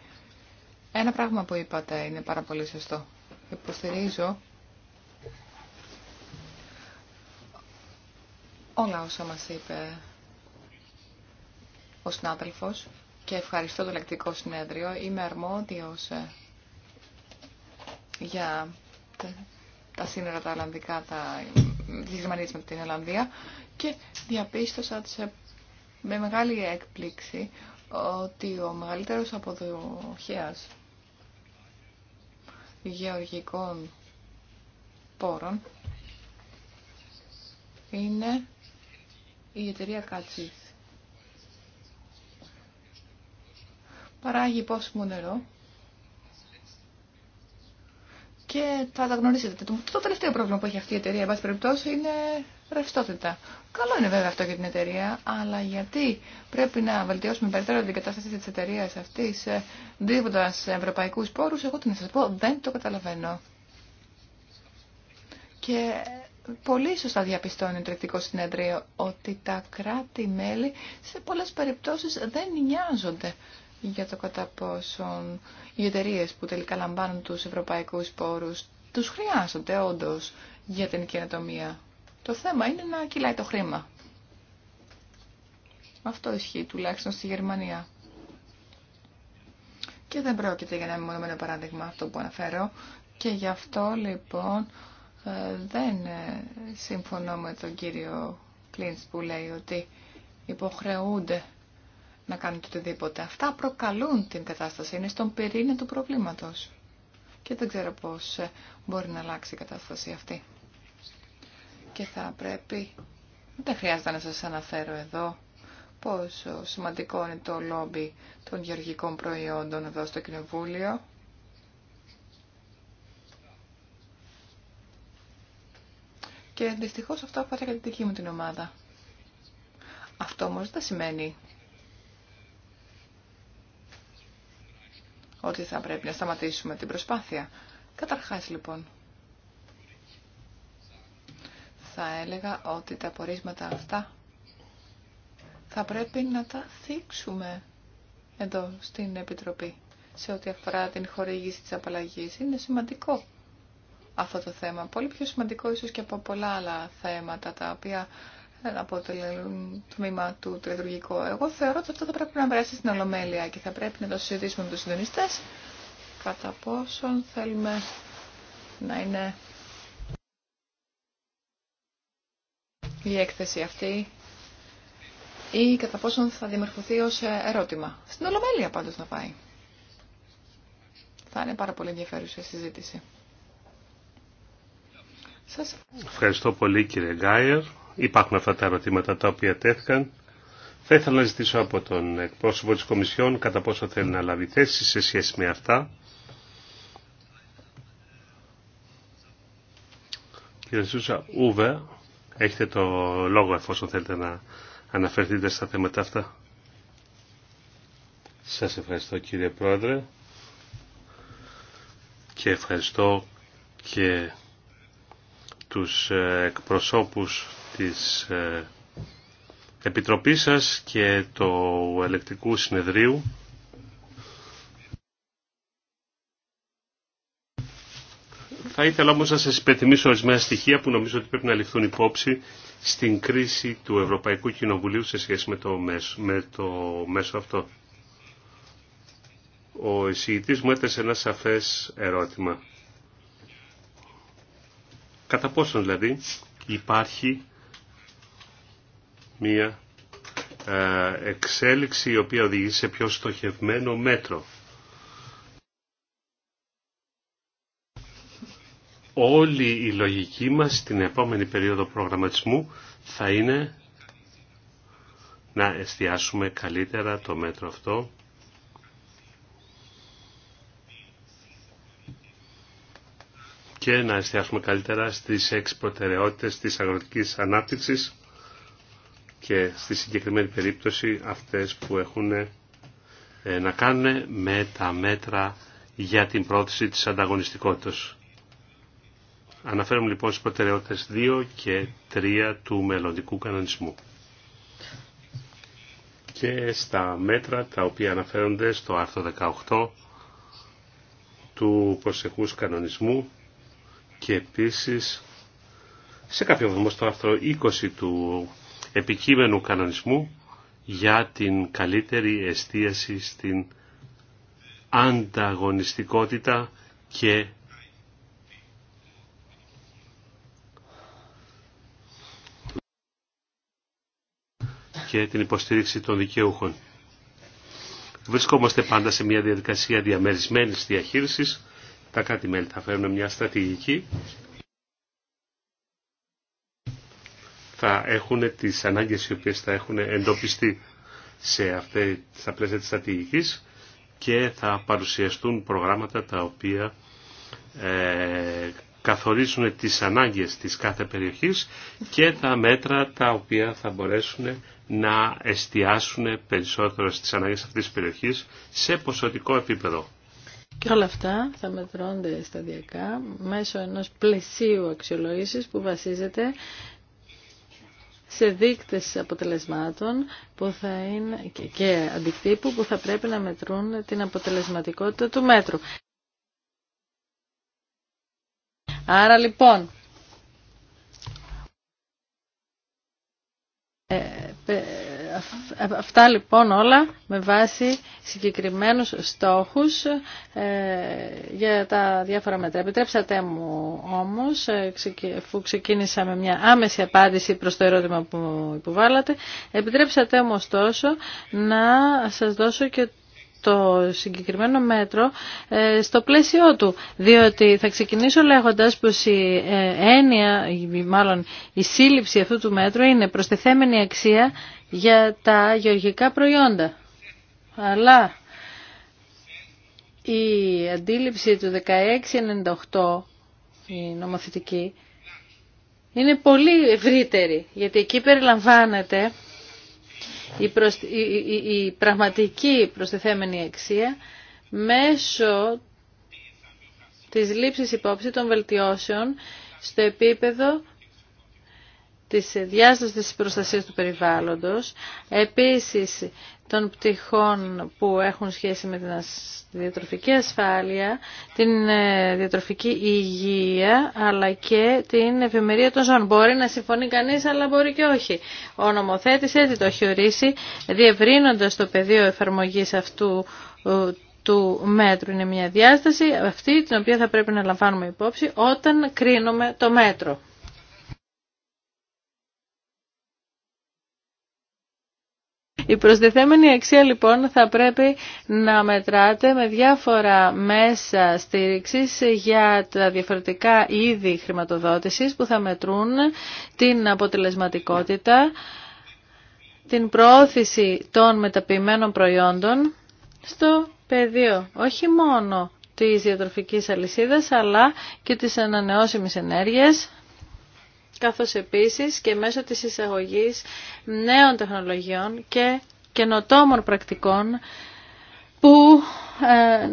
Ένα πράγμα που είπατε είναι πάρα πολύ σωστό. Υποστηρίζω όλα όσα μας είπε ο συνάδελφος και ευχαριστώ το λεκτικό συνέδριο. Είμαι αρμόδιος ε, για τα σύνορα τα Ολλανδικά, τα Γερμανίες με την Ελλανδία και διαπίστωσα τις με μεγάλη έκπληξη ότι ο μεγαλύτερος αποδοχέας γεωργικών πόρων είναι η εταιρεία Κατσίς. Παράγει πόσιμο νερό και θα τα γνωρίσετε. Το τελευταίο πρόβλημα που έχει αυτή η εταιρεία, εν περιπτώσει, είναι ρευστότητα. Καλό είναι βέβαια αυτό για την εταιρεία, αλλά γιατί πρέπει να βελτιώσουμε περαιτέρω την κατάσταση τη εταιρεία αυτή, ε, δίδοντα ευρωπαϊκού πόρου, εγώ τι να σα πω, δεν το καταλαβαίνω. Και ε, πολύ σωστά διαπιστώνει το εκτικό συνέδριο ότι τα κράτη-μέλη σε πολλές περιπτώσεις δεν νοιάζονται για το κατά πόσον οι εταιρείε που τελικά λαμβάνουν τους ευρωπαϊκούς πόρους τους χρειάζονται όντω για την καινοτομία. Το θέμα είναι να κυλάει το χρήμα. Αυτό ισχύει τουλάχιστον στη Γερμανία. Και δεν πρόκειται για ένα μεμονωμένο παράδειγμα αυτό που αναφέρω. Και γι' αυτό λοιπόν ε, δεν ε, συμφωνώ με τον κύριο Κλίντς που λέει ότι υποχρεούνται να κάνουν το οτιδήποτε. Αυτά προκαλούν την κατάσταση, είναι στον πυρήνα του προβλήματος. Και δεν ξέρω πώς ε, μπορεί να αλλάξει η κατάσταση αυτή. Και θα πρέπει, δεν χρειάζεται να σας αναφέρω εδώ, πόσο σημαντικό είναι το λόμπι των γεωργικών προϊόντων εδώ στο Κοινοβούλιο. Και δυστυχώς αυτό αφορά και την δική μου την ομάδα. Αυτό όμως δεν σημαίνει ότι θα πρέπει να σταματήσουμε την προσπάθεια. Καταρχάς λοιπόν, θα έλεγα ότι τα πορίσματα αυτά θα πρέπει να τα θίξουμε εδώ στην Επιτροπή σε ό,τι αφορά την χορήγηση της απαλλαγής. Είναι σημαντικό αυτό το θέμα. Πολύ πιο σημαντικό ίσως και από πολλά άλλα θέματα τα οποία το τμήμα του τριδουργικού. Εγώ θεωρώ ότι αυτό θα πρέπει να περάσει στην Ολομέλεια και θα πρέπει να το συζητήσουμε με τους συντονιστές κατά πόσον θέλουμε να είναι η έκθεση αυτή ή κατά πόσον θα δημορφωθεί ως ερώτημα. Στην Ολομέλεια πάντως να πάει. Θα είναι πάρα πολύ ενδιαφέρουσα η κατα ποσον θα δημιουργηθει ως ερωτημα στην ολομελεια παντως να παει θα ειναι παρα πολυ ενδιαφερουσα η συζητηση Σας... Ευχαριστώ πολύ κύριε Γκάιερ υπάρχουν αυτά τα ερωτήματα τα οποία τέθηκαν. Θα ήθελα να ζητήσω από τον εκπρόσωπο της Κομισιόν κατά πόσο θέλει να λάβει θέση σε σχέση με αυτά. Κύριε Σούσα, ούβε, έχετε το λόγο εφόσον θέλετε να αναφερθείτε στα θέματα αυτά. Σας ευχαριστώ κύριε Πρόεδρε και ευχαριστώ και τους ε, εκπροσώπους της ε, Επιτροπής σας και του Ελεκτικού Συνεδρίου Θα ήθελα όμως να σας υπενθυμίσω ορισμένα στοιχεία που νομίζω ότι πρέπει να ληφθούν υπόψη στην κρίση του Ευρωπαϊκού Κοινοβουλίου σε σχέση με το μέσο, αυτό. Ο εισηγητής μου έθεσε ένα σαφές ερώτημα. Κατά πόσον δηλαδή υπάρχει μία ε, εξέλιξη η οποία οδηγεί σε πιο στοχευμένο μέτρο. Όλη η λογική μας στην επόμενη περίοδο προγραμματισμού θα είναι να εστιάσουμε καλύτερα το μέτρο αυτό και να εστιάσουμε καλύτερα στις έξι προτεραιότητες της αγροτικής ανάπτυξης και στη συγκεκριμένη περίπτωση αυτές που έχουν ε, να κάνουν με τα μέτρα για την πρόθεση της ανταγωνιστικότητας. Αναφέρουμε λοιπόν στις προτεραιότητες 2 και 3 του μελλοντικού κανονισμού και στα μέτρα τα οποία αναφέρονται στο άρθρο 18 του προσεχούς κανονισμού και επίσης σε κάποιο βαθμό στο άρθρο 20 του επικείμενου κανονισμού για την καλύτερη εστίαση στην ανταγωνιστικότητα και και την υποστήριξη των δικαιούχων. Βρισκόμαστε πάντα σε μια διαδικασία διαμερισμένης διαχείρισης. Τα κάτι μέλη θα φέρουν μια στρατηγική θα έχουν τις ανάγκες οι οποίες θα έχουν εντοπιστεί σε αυτή, στα πλαίσια της στρατηγικής και θα παρουσιαστούν προγράμματα τα οποία ε, καθορίζουν τις ανάγκες της κάθε περιοχής και τα μέτρα τα οποία θα μπορέσουν να εστιάσουν περισσότερο στις ανάγκες αυτής της περιοχής σε ποσοτικό επίπεδο. Και όλα αυτά θα μετρώνται σταδιακά μέσω ενός πλαισίου αξιολόγησης που βασίζεται σε δείκτες αποτελεσμάτων που θα είναι και αντικτύπου που θα πρέπει να μετρούν την αποτελεσματικότητα του μέτρου. Άρα λοιπόν, ε, Αυτά λοιπόν όλα με βάση συγκεκριμένους στόχους ε, για τα διάφορα μέτρα. Επιτρέψατε μου όμως, ε, αφού ξεκίνησα με μια άμεση απάντηση προς το ερώτημα που υποβάλλατε, επιτρέψατε μου ωστόσο να σας δώσω και το συγκεκριμένο μέτρο ε, στο πλαίσιό του. Διότι θα ξεκινήσω λέγοντας πως η ε, έννοια, μάλλον η σύλληψη αυτού του μέτρου είναι προστεθέμενη αξία για τα γεωργικά προϊόντα. Αλλά η αντίληψη του 1698, η νομοθετική, είναι πολύ ευρύτερη, γιατί εκεί περιλαμβάνεται η, προσ... η, η, η πραγματική αξία μέσω της λήψης υπόψη των βελτιώσεων στο επίπεδο της διάστασης της προστασίας του περιβάλλοντος, επίσης των πτυχών που έχουν σχέση με την διατροφική ασφάλεια, την ε, διατροφική υγεία, αλλά και την ευημερία των ζώων. Μπορεί να συμφωνεί κανείς, αλλά μπορεί και όχι. Ο νομοθέτης έτσι το έχει ορίσει, διευρύνοντας το πεδίο εφαρμογής αυτού ε, του μέτρου. Είναι μια διάσταση αυτή την οποία θα πρέπει να λαμβάνουμε υπόψη όταν κρίνουμε το μέτρο. Η προσδεθέμενη αξία λοιπόν θα πρέπει να μετράτε με διάφορα μέσα στήριξης για τα διαφορετικά είδη χρηματοδότησης που θα μετρούν την αποτελεσματικότητα, την προώθηση των μεταποιημένων προϊόντων στο πεδίο όχι μόνο της διατροφικής αλυσίδας αλλά και της ανανεώσιμης ενέργειας καθώς επίσης και μέσω της εισαγωγής νέων τεχνολογιών και καινοτόμων πρακτικών που ε,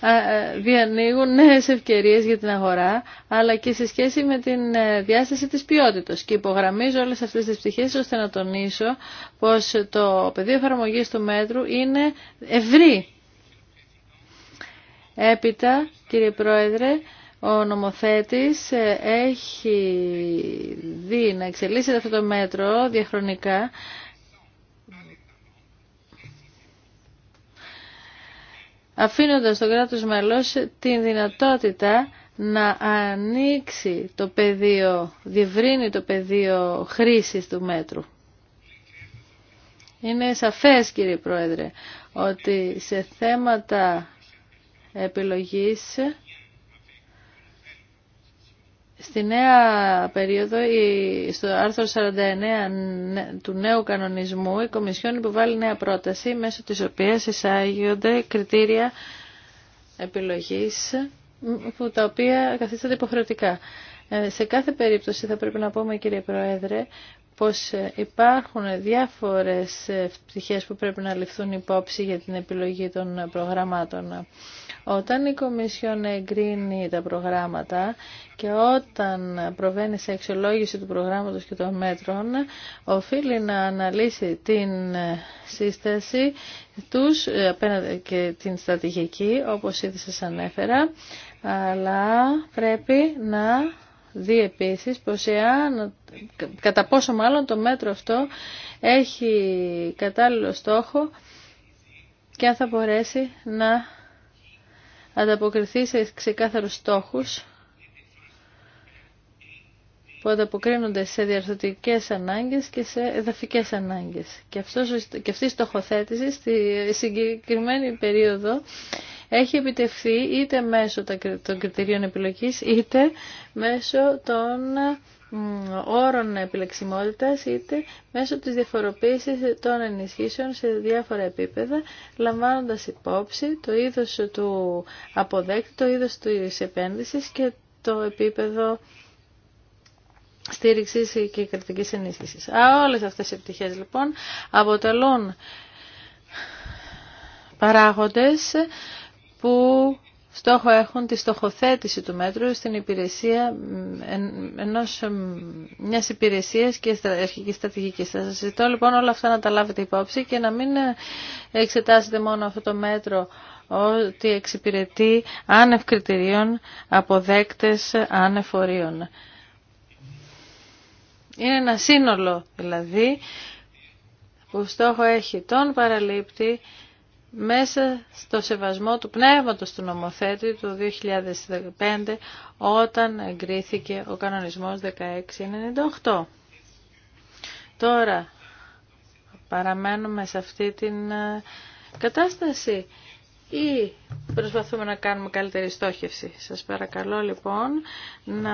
ε, ε, διανοίγουν νέες ευκαιρίες για την αγορά, αλλά και σε σχέση με την διάσταση της ποιότητας. Και υπογραμμίζω όλες αυτές τις πτυχές ώστε να τονίσω πως το πεδίο εφαρμογή του μέτρου είναι ευρύ. Έπειτα, κύριε Πρόεδρε, ο νομοθέτης ε, έχει δει να εξελίσσεται αυτό το μέτρο διαχρονικά αφήνοντας το κράτος μέλος την δυνατότητα να ανοίξει το πεδίο, διευρύνει το πεδίο χρήσης του μέτρου. Είναι σαφές κύριε Πρόεδρε ότι σε θέματα επιλογής Στη νέα περίοδο, στο άρθρο 49 του νέου κανονισμού, η Κομισιόν υποβάλλει νέα πρόταση, μέσω της οποίας εισάγονται κριτήρια επιλογής, που τα οποία καθίστανται υποχρεωτικά. Ε, σε κάθε περίπτωση θα πρέπει να πούμε κύριε Πρόεδρε πως ε, υπάρχουν διάφορες ε, πτυχές που πρέπει να ληφθούν υπόψη για την επιλογή των ε, προγραμμάτων. Όταν η Κομισιόν εγκρίνει τα προγράμματα και όταν προβαίνει σε αξιολόγηση του προγράμματος και των μέτρων, οφείλει να αναλύσει την σύσταση τους και την στρατηγική, όπως ήδη σας ανέφερα, αλλά πρέπει να δει επίσης πως κατά πόσο μάλλον το μέτρο αυτό έχει κατάλληλο στόχο και αν θα μπορέσει να ανταποκριθεί σε ξεκάθαρους στόχους που ανταποκρίνονται σε διαρθωτικές ανάγκες και σε εδαφικές ανάγκες. Και, αυτός, και αυτή η στοχοθέτηση στη συγκεκριμένη περίοδο έχει επιτευχθεί είτε μέσω των κριτηρίων επιλογής είτε μέσω των όρων επιλεξιμότητας είτε μέσω της διαφοροποίησης των ενισχύσεων σε διάφορα επίπεδα λαμβάνοντας υπόψη το είδος του αποδέκτη, το είδος της επένδυσης και το επίπεδο Στήριξη και κριτική ενίσχυση. Όλε αυτέ αυτές οι επιτυχίες λοιπόν αποτελούν παράγοντες που στόχο έχουν τη στοχοθέτηση του μέτρου στην υπηρεσία ενός, μιας υπηρεσίας και αρχικής στρατηγικής. σας ζητώ λοιπόν όλα αυτά να τα λάβετε υπόψη και να μην ε, εξετάσετε μόνο αυτό το μέτρο ότι εξυπηρετεί άνευ κριτηρίων αποδέκτες ανεφορίων. Είναι ένα σύνολο δηλαδή που στόχο έχει τον παραλήπτη μέσα στο σεβασμό του πνεύματος του νομοθέτη του 2015 όταν εγκρίθηκε ο κανονισμός 1698. Τώρα παραμένουμε σε αυτή την ε, κατάσταση ή προσπαθούμε να κάνουμε καλύτερη στόχευση. Σας παρακαλώ λοιπόν να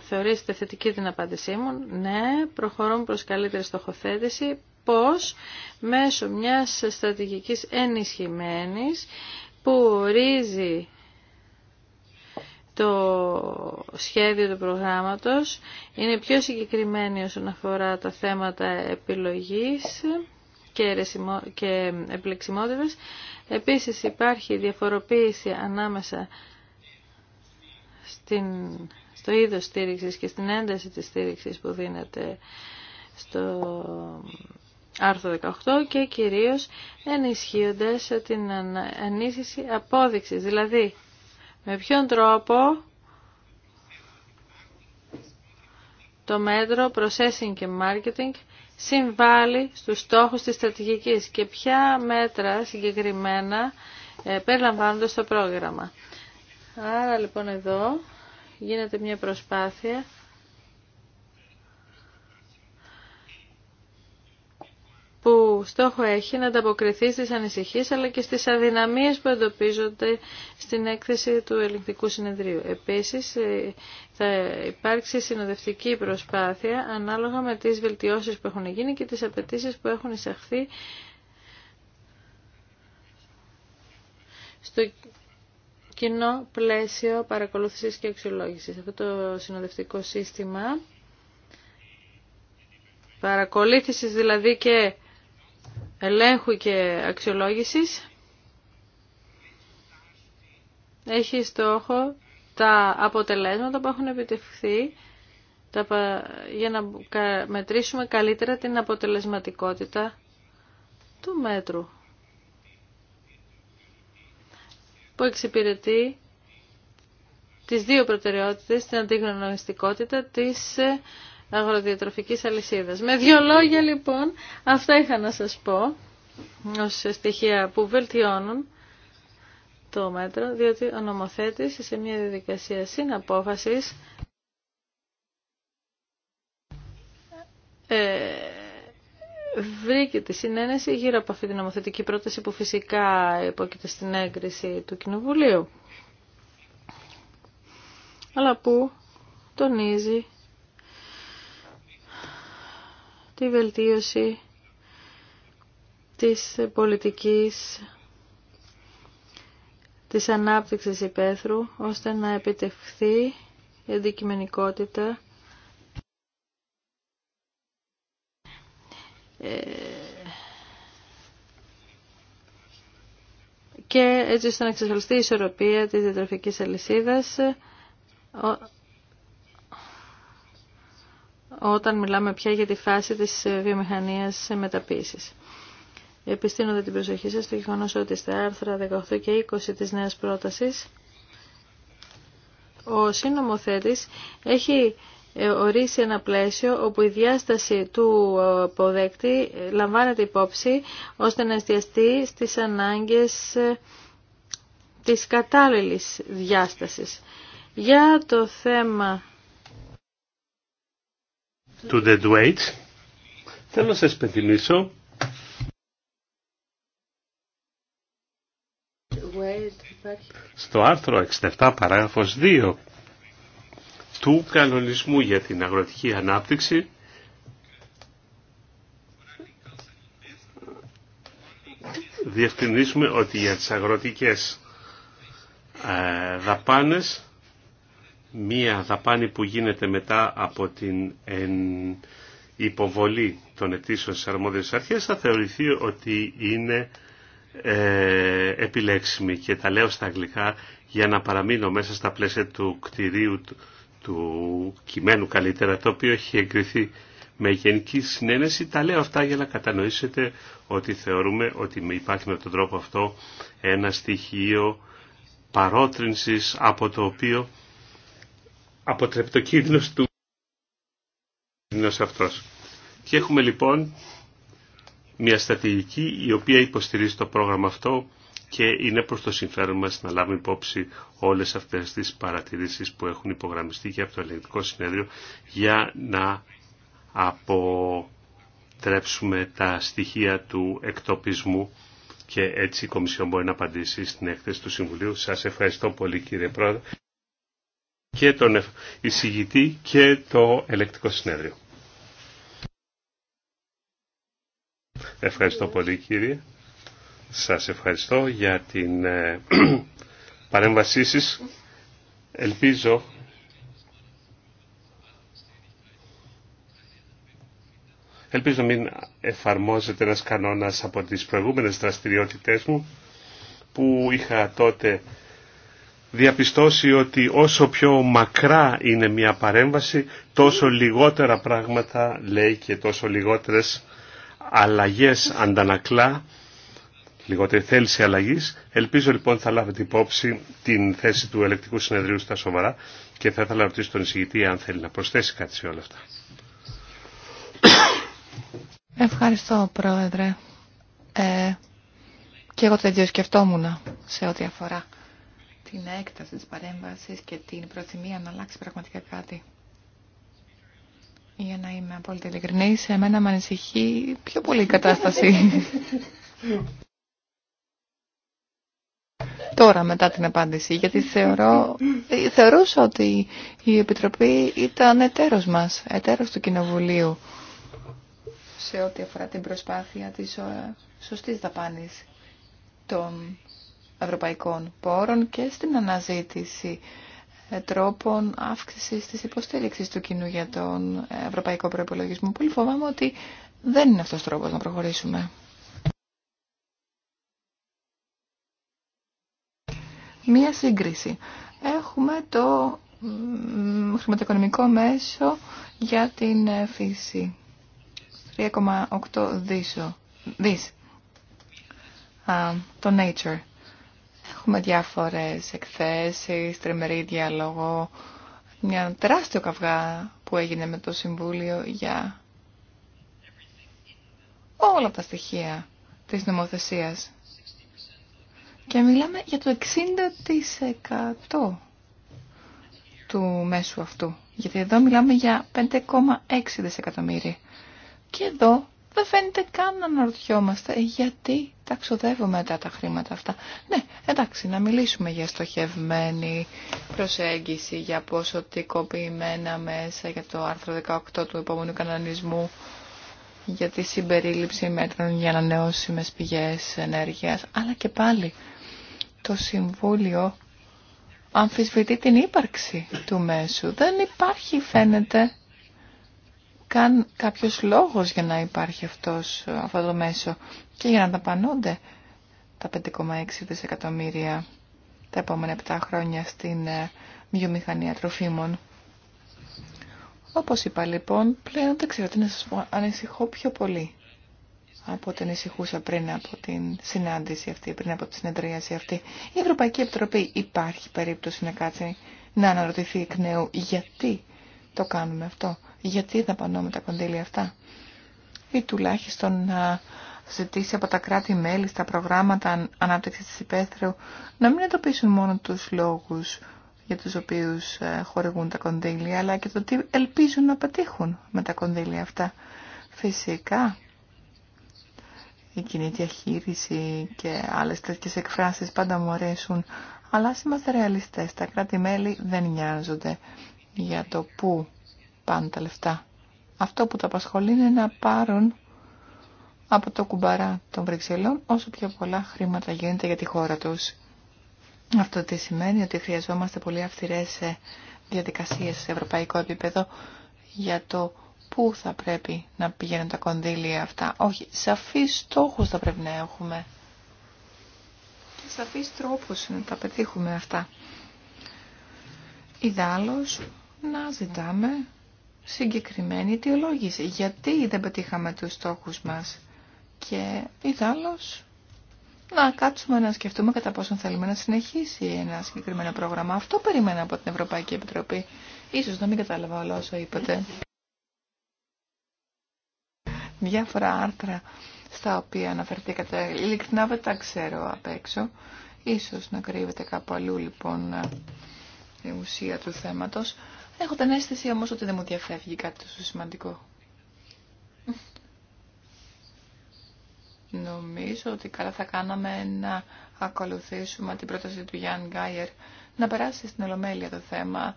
θεωρήσετε θετική την απάντησή μου. Ναι, προχωρούμε προς καλύτερη στοχοθέτηση. Πώς? Μέσω μιας στρατηγικής ενισχυμένης που ορίζει το σχέδιο του προγράμματος είναι πιο συγκεκριμένη όσον αφορά τα θέματα επιλογής και, και επιλεξιμότητας Επίσης υπάρχει διαφοροποίηση ανάμεσα στην, στο είδος στήριξης και στην ένταση της στήριξης που δίνεται στο άρθρο 18 και κυρίως ενισχύοντας την ανίσχυση απόδειξης. Δηλαδή, με ποιον τρόπο το μέτρο processing και marketing συμβάλλει στους στόχους της στρατηγικής και ποια μέτρα συγκεκριμένα ε, περιλαμβάνονται στο πρόγραμμα. Άρα λοιπόν εδώ γίνεται μια προσπάθεια στόχο έχει να ανταποκριθεί στις ανησυχίες αλλά και στις αδυναμίες που εντοπίζονται στην έκθεση του ελεγκτικού συνεδρίου. Επίσης, ε, θα υπάρξει συνοδευτική προσπάθεια ανάλογα με τις βελτιώσεις που έχουν γίνει και τις απαιτήσεις που έχουν εισαχθεί στο κοινό πλαίσιο παρακολούθησης και αξιολόγησης. Αυτό το συνοδευτικό σύστημα παρακολούθησης δηλαδή και ελέγχου και αξιολόγησης έχει στόχο τα αποτελέσματα που έχουν επιτευχθεί τα, για να μετρήσουμε καλύτερα την αποτελεσματικότητα του μέτρου που εξυπηρετεί τις δύο προτεραιότητες, την αντιγνωστικότητα της ε, αγροδιατροφικής αλυσίδας. Με δύο λόγια λοιπόν, αυτά είχα να σας πω ως στοιχεία που βελτιώνουν το μέτρο, διότι ο νομοθέτης σε μια διαδικασία συναπόφασης ε, βρήκε τη συνένεση γύρω από αυτή την νομοθετική πρόταση που φυσικά υπόκειται στην έγκριση του Κοινοβουλίου αλλά που τονίζει τη βελτίωση της πολιτικής της ανάπτυξης υπαίθρου ώστε να επιτευχθεί η αντικειμενικότητα ε, και έτσι ώστε να εξασφαλιστεί η ισορροπία της διατροφικής αλυσίδας όταν μιλάμε πια για τη φάση της βιομηχανίας μεταποίησης. Επιστήνονται την προσοχή σας στο γεγονό ότι στα άρθρα 18 και 20 της νέας πρότασης ο σύνομοθέτης έχει ε, ορίσει ένα πλαίσιο όπου η διάσταση του ε, αποδέκτη ε, λαμβάνεται υπόψη ώστε να εστιαστεί στις ανάγκες της κατάλληλης διάστασης. Για το θέμα του The Θέλω να σας πενθυμίσω στο άρθρο 67 παράγραφος 2 του κανονισμού για την αγροτική ανάπτυξη διευκρινίσουμε ότι για τις αγροτικές ε, δαπάνες μία δαπάνη που γίνεται μετά από την υποβολή των αιτήσεων στις αρμόδιες αρχές θα θεωρηθεί ότι είναι ε, επιλέξιμη και τα λέω στα αγγλικά για να παραμείνω μέσα στα πλαίσια του κτηρίου του, του κειμένου καλύτερα το οποίο έχει εγκριθεί με γενική συνένεση τα λέω αυτά για να κατανοήσετε ότι θεωρούμε ότι υπάρχει με τον τρόπο αυτό ένα στοιχείο παρότρινσης από το οποίο αποτρέπει του κίνδυνος αυτός. Και έχουμε λοιπόν μια στρατηγική η οποία υποστηρίζει το πρόγραμμα αυτό και είναι προς το συμφέρον μας να λάβουμε υπόψη όλες αυτές τις παρατηρήσεις που έχουν υπογραμμιστεί και από το Ελληνικό Συνέδριο για να αποτρέψουμε τα στοιχεία του εκτοπισμού και έτσι η Κομισιόν μπορεί να απαντήσει στην έκθεση του Συμβουλίου. Σας ευχαριστώ πολύ κύριε Πρόεδρε και τον εισηγητή και το ελεκτικό συνέδριο. Ευχαριστώ πολύ κύριε. Σας ευχαριστώ για την ε, (clears throat) παρέμβασή σας. Ελπίζω Ελπίζω μην εφαρμόζεται ένας κανόνας από τις προηγούμενες δραστηριότητές μου που είχα τότε διαπιστώσει ότι όσο πιο μακρά είναι μια παρέμβαση, τόσο λιγότερα πράγματα λέει και τόσο λιγότερες αλλαγές αντανακλά, λιγότερη θέληση αλλαγής. Ελπίζω λοιπόν θα λάβετε υπόψη την θέση του ελεκτικού συνεδρίου στα σοβαρά και θα ήθελα να ρωτήσω τον εισηγητή αν θέλει να προσθέσει κάτι σε όλα αυτά. Ευχαριστώ Πρόεδρε. Ε, και εγώ το σκεφτόμουν σε ό,τι αφορά την έκταση της παρέμβασης και την προθυμία να αλλάξει πραγματικά κάτι. Για να είμαι απόλυτα ειλικρινή, σε μένα με ανησυχεί πιο πολύ η κατάσταση. Τώρα μετά την απάντηση, γιατί θεωρώ, θεωρούσα ότι η Επιτροπή ήταν εταίρος μας, εταίρος του Κοινοβουλίου σε ό,τι αφορά την προσπάθεια της ε, σωστής δαπάνης των ευρωπαϊκών πόρων και στην αναζήτηση ε, τρόπων αύξησης της υποστήριξης του κοινού για τον ευρωπαϊκό προϋπολογισμό. Πολύ φοβάμαι ότι δεν είναι αυτός τρόπος να προχωρήσουμε. Μία σύγκριση. Έχουμε το χρηματοοικονομικό μέσο για την ε, φύση. 3,8 δις. το Nature. Έχουμε διάφορες εκθέσεις, τριμερή διάλογο, μια τεράστιο καυγά που έγινε με το Συμβούλιο για όλα τα στοιχεία της νομοθεσίας. Και μιλάμε για το 60% του μέσου αυτού. Γιατί εδώ μιλάμε για 5,6 δισεκατομμύρια. Και εδώ δεν φαίνεται καν να αναρωτιόμαστε γιατί τα ξοδεύουμε μετά τα χρήματα αυτά. Ναι, εντάξει, να μιλήσουμε για στοχευμένη προσέγγιση, για ποσοτικοποιημένα μέσα, για το άρθρο 18 του επόμενου κανονισμού, για τη συμπερίληψη μέτρων για ανανεώσιμε πηγές ενέργειας, αλλά και πάλι το Συμβούλιο αμφισβητεί την ύπαρξη του μέσου. Δεν υπάρχει φαίνεται καν κάποιος λόγος για να υπάρχει αυτός, αυτό το μέσο και για να ταπανώνται τα 5,6 δισεκατομμύρια τα επόμενα 7 χρόνια στην ε, βιομηχανία τροφίμων. Όπως είπα λοιπόν, πλέον δεν ξέρω τι να σας πω, ανησυχώ πιο πολύ από ό,τι ανησυχούσα πριν από την συνάντηση αυτή, πριν από τη συνεδρίαση αυτή. Η Ευρωπαϊκή Επιτροπή υπάρχει περίπτωση να κάτσει να αναρωτηθεί εκ νέου γιατί το κάνουμε αυτό γιατί πανώ με τα κονδύλια αυτά. Ή τουλάχιστον να ζητήσει από τα κράτη-μέλη στα προγράμματα ανάπτυξης της υπαίθρου να μην εντοπίσουν μόνο τους λόγους για τους οποίους ε, χορηγούν τα κονδύλια, αλλά και το τι ελπίζουν να πετύχουν με τα κονδύλια αυτά. Φυσικά, η κοινή διαχείριση και άλλες τέτοιες εκφράσεις πάντα μου αρέσουν, αλλά είμαστε ρεαλιστές. Τα κράτη-μέλη δεν νοιάζονται για το πού πάνε τα λεφτά. Αυτό που τα απασχολεί είναι να πάρουν από το κουμπαρά των Βρυξελών όσο πιο πολλά χρήματα γίνεται για τη χώρα τους. Αυτό τι σημαίνει ότι χρειαζόμαστε πολύ αυστηρές ε, διαδικασίες σε ευρωπαϊκό επίπεδο για το πού θα πρέπει να πηγαίνουν τα κονδύλια αυτά. Όχι, σαφείς στόχους θα πρέπει να έχουμε. Και σαφείς τρόπους να τα πετύχουμε αυτά. Ιδάλλως να ζητάμε συγκεκριμένη αιτιολόγηση. Γιατί δεν πετύχαμε τους στόχους μας. Και ιδάλλως να κάτσουμε να σκεφτούμε κατά πόσο θέλουμε να συνεχίσει ένα συγκεκριμένο πρόγραμμα. Αυτό περιμένα από την Ευρωπαϊκή Επιτροπή. Ίσως να μην κατάλαβα όλα όσα είπατε. Διάφορα άρθρα στα οποία αναφερθήκατε. Ειλικρινά δεν τα ξέρω απ' έξω. Ίσως να κρύβεται κάπου αλλού λοιπόν η ουσία του θέματος. Έχω την αίσθηση όμως ότι δεν μου διαφεύγει κάτι τόσο σημαντικό. Νομίζω ότι καλά θα κάναμε να ακολουθήσουμε την πρόταση του Γιάνν Γκάιερ να περάσει στην Ολομέλεια το θέμα,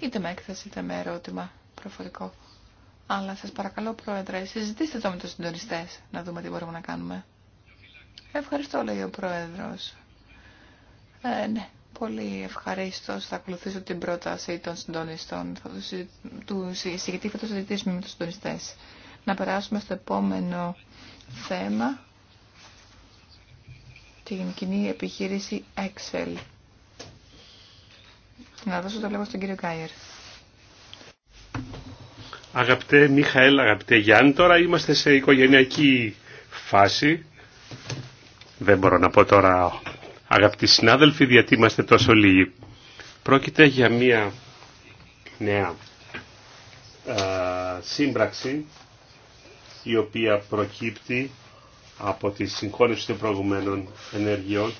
είτε με έκθεση είτε με ερώτημα προφορικό. Αλλά σας παρακαλώ πρόεδρε, συζητήστε το με τους συντονιστές να δούμε τι μπορούμε να κάνουμε. Ευχαριστώ λέει ο πρόεδρος. Ε, ναι, Πολύ ευχαρίστω θα ακολουθήσω την πρόταση των συντονιστών. Θα του θα το συζητήσουμε με τους συντονιστές. Να περάσουμε στο επόμενο θέμα, την κοινή επιχείρηση Excel. Να δώσω το λόγο στον κύριο Κάιερ. Αγαπητέ Μιχαέλ, αγαπητέ Γιάννη, τώρα είμαστε σε οικογενειακή φάση. Δεν μπορώ να πω τώρα Αγαπητοί συνάδελφοι, γιατί είμαστε τόσο λίγοι. Πρόκειται για μία νέα σύμπραξη η οποία προκύπτει από τη συγχώνευση των προηγουμένων ενεργειών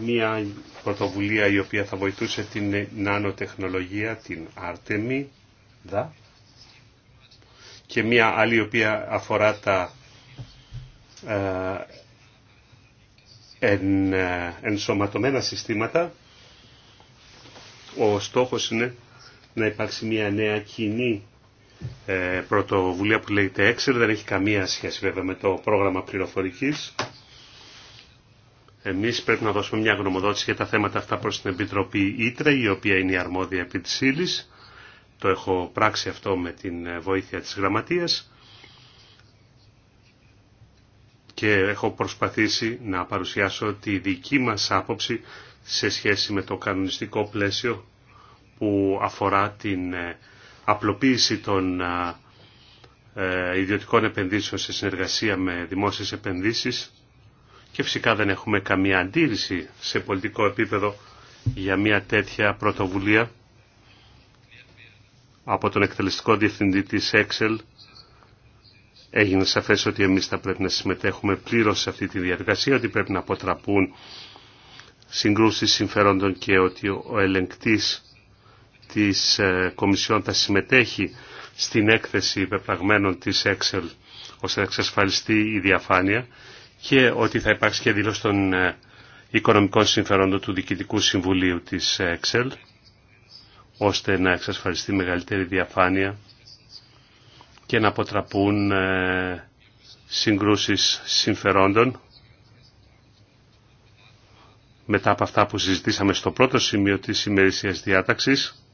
μια πρωτοβουλία η οποία θα βοηθούσε την νανοτεχνολογία, την Άρτεμι και μια άλλη η οποία αφορά τα εν, ε, ενσωματωμένα συστήματα ο στόχος είναι να υπάρξει μια νέα κοινή ε, πρωτοβουλία που λέγεται Excel, δεν έχει καμία σχέση βέβαια με το πρόγραμμα πληροφορικής. Εμείς πρέπει να δώσουμε μια γνωμοδότηση για τα θέματα αυτά προς την Επιτροπή Ήτρα, η οποία είναι η αρμόδια επί της ύλης. Το έχω πράξει αυτό με την ε, βοήθεια της γραμματείας. και έχω προσπαθήσει να παρουσιάσω τη δική μας άποψη σε σχέση με το κανονιστικό πλαίσιο που αφορά την ε, απλοποίηση των ε, ε, ιδιωτικών επενδύσεων σε συνεργασία με δημόσιες επενδύσεις και φυσικά δεν έχουμε καμία αντίρρηση σε πολιτικό επίπεδο για μια τέτοια πρωτοβουλία από τον εκτελεστικό διευθυντή της Excel έγινε σαφές ότι εμείς θα πρέπει να συμμετέχουμε πλήρως σε αυτή τη διαδικασία, ότι πρέπει να αποτραπούν συγκρούσεις συμφερόντων και ότι ο ελεγκτής της ε, Κομισιόν θα συμμετέχει στην έκθεση υπεπραγμένων της Excel ώστε να εξασφαλιστεί η διαφάνεια και ότι θα υπάρξει και δήλωση των ε, οικονομικών συμφερόντων του Διοικητικού Συμβουλίου της Excel ώστε να εξασφαλιστεί μεγαλύτερη διαφάνεια και να αποτραπούν ε, συγκρούσεις συμφερόντων. Μετά από αυτά που συζητήσαμε στο πρώτο σημείο της ημερησίας διάταξης,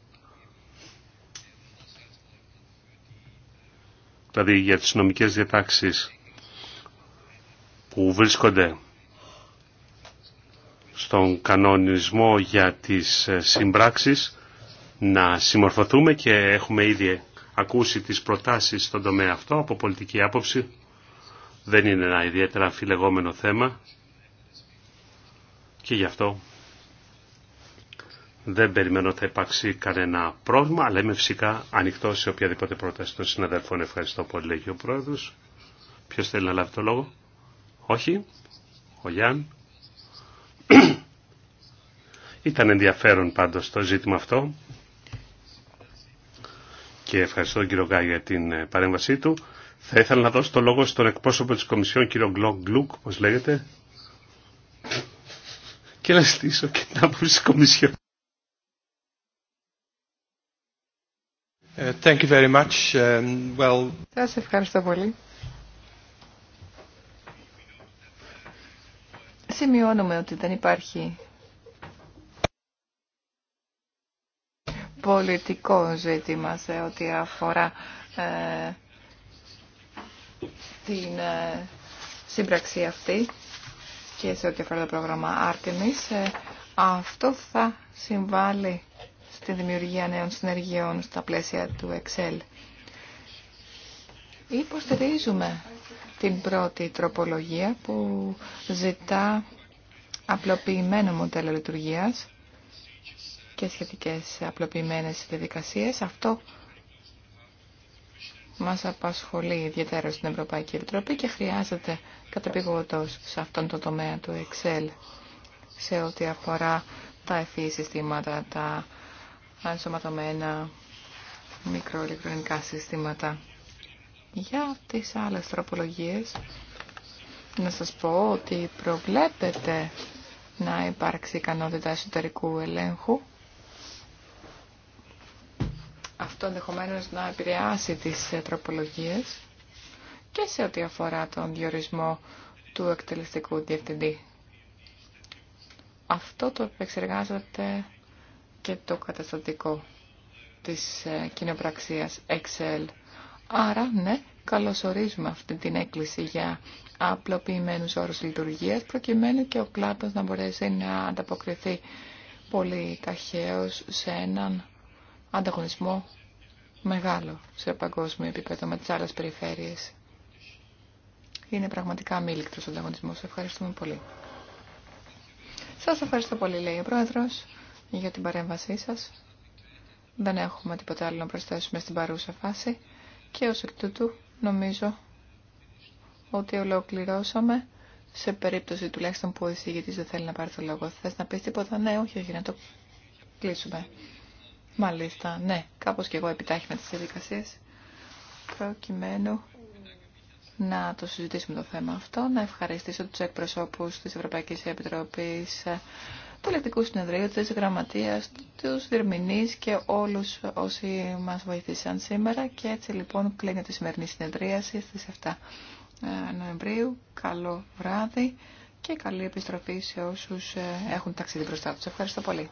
δηλαδή για τις νομικές διατάξεις που βρίσκονται στον κανονισμό για τις ε, συμπράξεις, να συμμορφωθούμε και έχουμε ήδη ακούσει τις προτάσεις στον τομέα αυτό από πολιτική άποψη. Δεν είναι ένα ιδιαίτερα αμφιλεγόμενο θέμα και γι' αυτό δεν περιμένω ότι θα υπάρξει κανένα πρόβλημα, αλλά είμαι φυσικά ανοιχτό σε οποιαδήποτε πρόταση των συναδελφών. Ευχαριστώ πολύ, λέγει ο πρόεδρος. Ποιο θέλει να λάβει το λόγο, Όχι, ο Γιάν. (clears throat) Ήταν ενδιαφέρον πάντως το ζήτημα αυτό και ευχαριστώ τον κύριο Γκά για την ε, παρέμβασή του. Θα ήθελα να δώσω το λόγο στον εκπρόσωπο της Κομισιόν, κύριο Γκλοκ Γκλουκ, όπως λέγεται, και να στήσω και την άποψη της Κομισιόν. Ε, thank ε, Σας ευχαριστώ πολύ. Σημειώνουμε ότι δεν υπάρχει πολιτικό ζήτημα σε ό,τι αφορά ε, την ε, σύμπραξη αυτή και σε ό,τι αφορά το πρόγραμμα Artemis. Ε, αυτό θα συμβάλλει στη δημιουργία νέων συνεργειών στα πλαίσια του Excel. Υποστηρίζουμε την πρώτη τροπολογία που ζητά απλοποιημένο μοντέλο λειτουργίας και σχετικές απλοποιημένες διαδικασίε. Αυτό μας απασχολεί ιδιαίτερα στην Ευρωπαϊκή Επιτροπή και χρειάζεται κατεπηγοντός σε αυτόν τον τομέα του Excel σε ό,τι αφορά τα ευφύ e συστήματα, τα ενσωματωμένα μικροελεκτρονικά συστήματα. Για τις άλλες τροπολογίες, να σας πω ότι προβλέπεται να υπάρξει ικανότητα εσωτερικού ελέγχου αυτό ενδεχομένω να επηρεάσει τις ε, τροπολογίες και σε ό,τι αφορά τον διορισμό του εκτελεστικού διευθυντή. Αυτό το επεξεργάζεται και το καταστατικό της ε, κοινοπραξίας Excel. Άρα, ναι, καλωσορίζουμε αυτή την έκκληση για απλοποιημένους όρου λειτουργίας, προκειμένου και ο κλάδος να μπορέσει να ανταποκριθεί πολύ ταχαίως σε έναν ανταγωνισμό μεγάλο σε παγκόσμιο επίπεδο με τις άλλες περιφέρειες. Είναι πραγματικά αμήλικτος ο ανταγωνισμός. Ευχαριστούμε πολύ. Σας ευχαριστώ πολύ, λέει ο Πρόεδρος, για την παρέμβασή σας. Δεν έχουμε τίποτα άλλο να προσθέσουμε στην παρούσα φάση και ως εκ τούτου νομίζω ότι ολοκληρώσαμε σε περίπτωση τουλάχιστον που ο εισηγητής δεν θέλει να πάρει το λόγο. Θες να πεις τίποτα, ναι, όχι, όχι, να το κλείσουμε. Μάλιστα, ναι, κάπως και εγώ επιτάχυμα τις διαδικασίες προκειμένου να το συζητήσουμε το θέμα αυτό, να ευχαριστήσω τους εκπροσώπους της Ευρωπαϊκής Επιτροπής του Ελεκτικού Συνεδρίου, της Γραμματείας, τους Διερμηνείς και όλους όσοι μας βοηθήσαν σήμερα και έτσι λοιπόν κλείνει τη σημερινή συνεδρίαση στις 7 Νοεμβρίου. Καλό βράδυ και καλή επιστροφή σε όσους ε, έχουν ταξίδι μπροστά τους. Ευχαριστώ πολύ.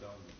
down.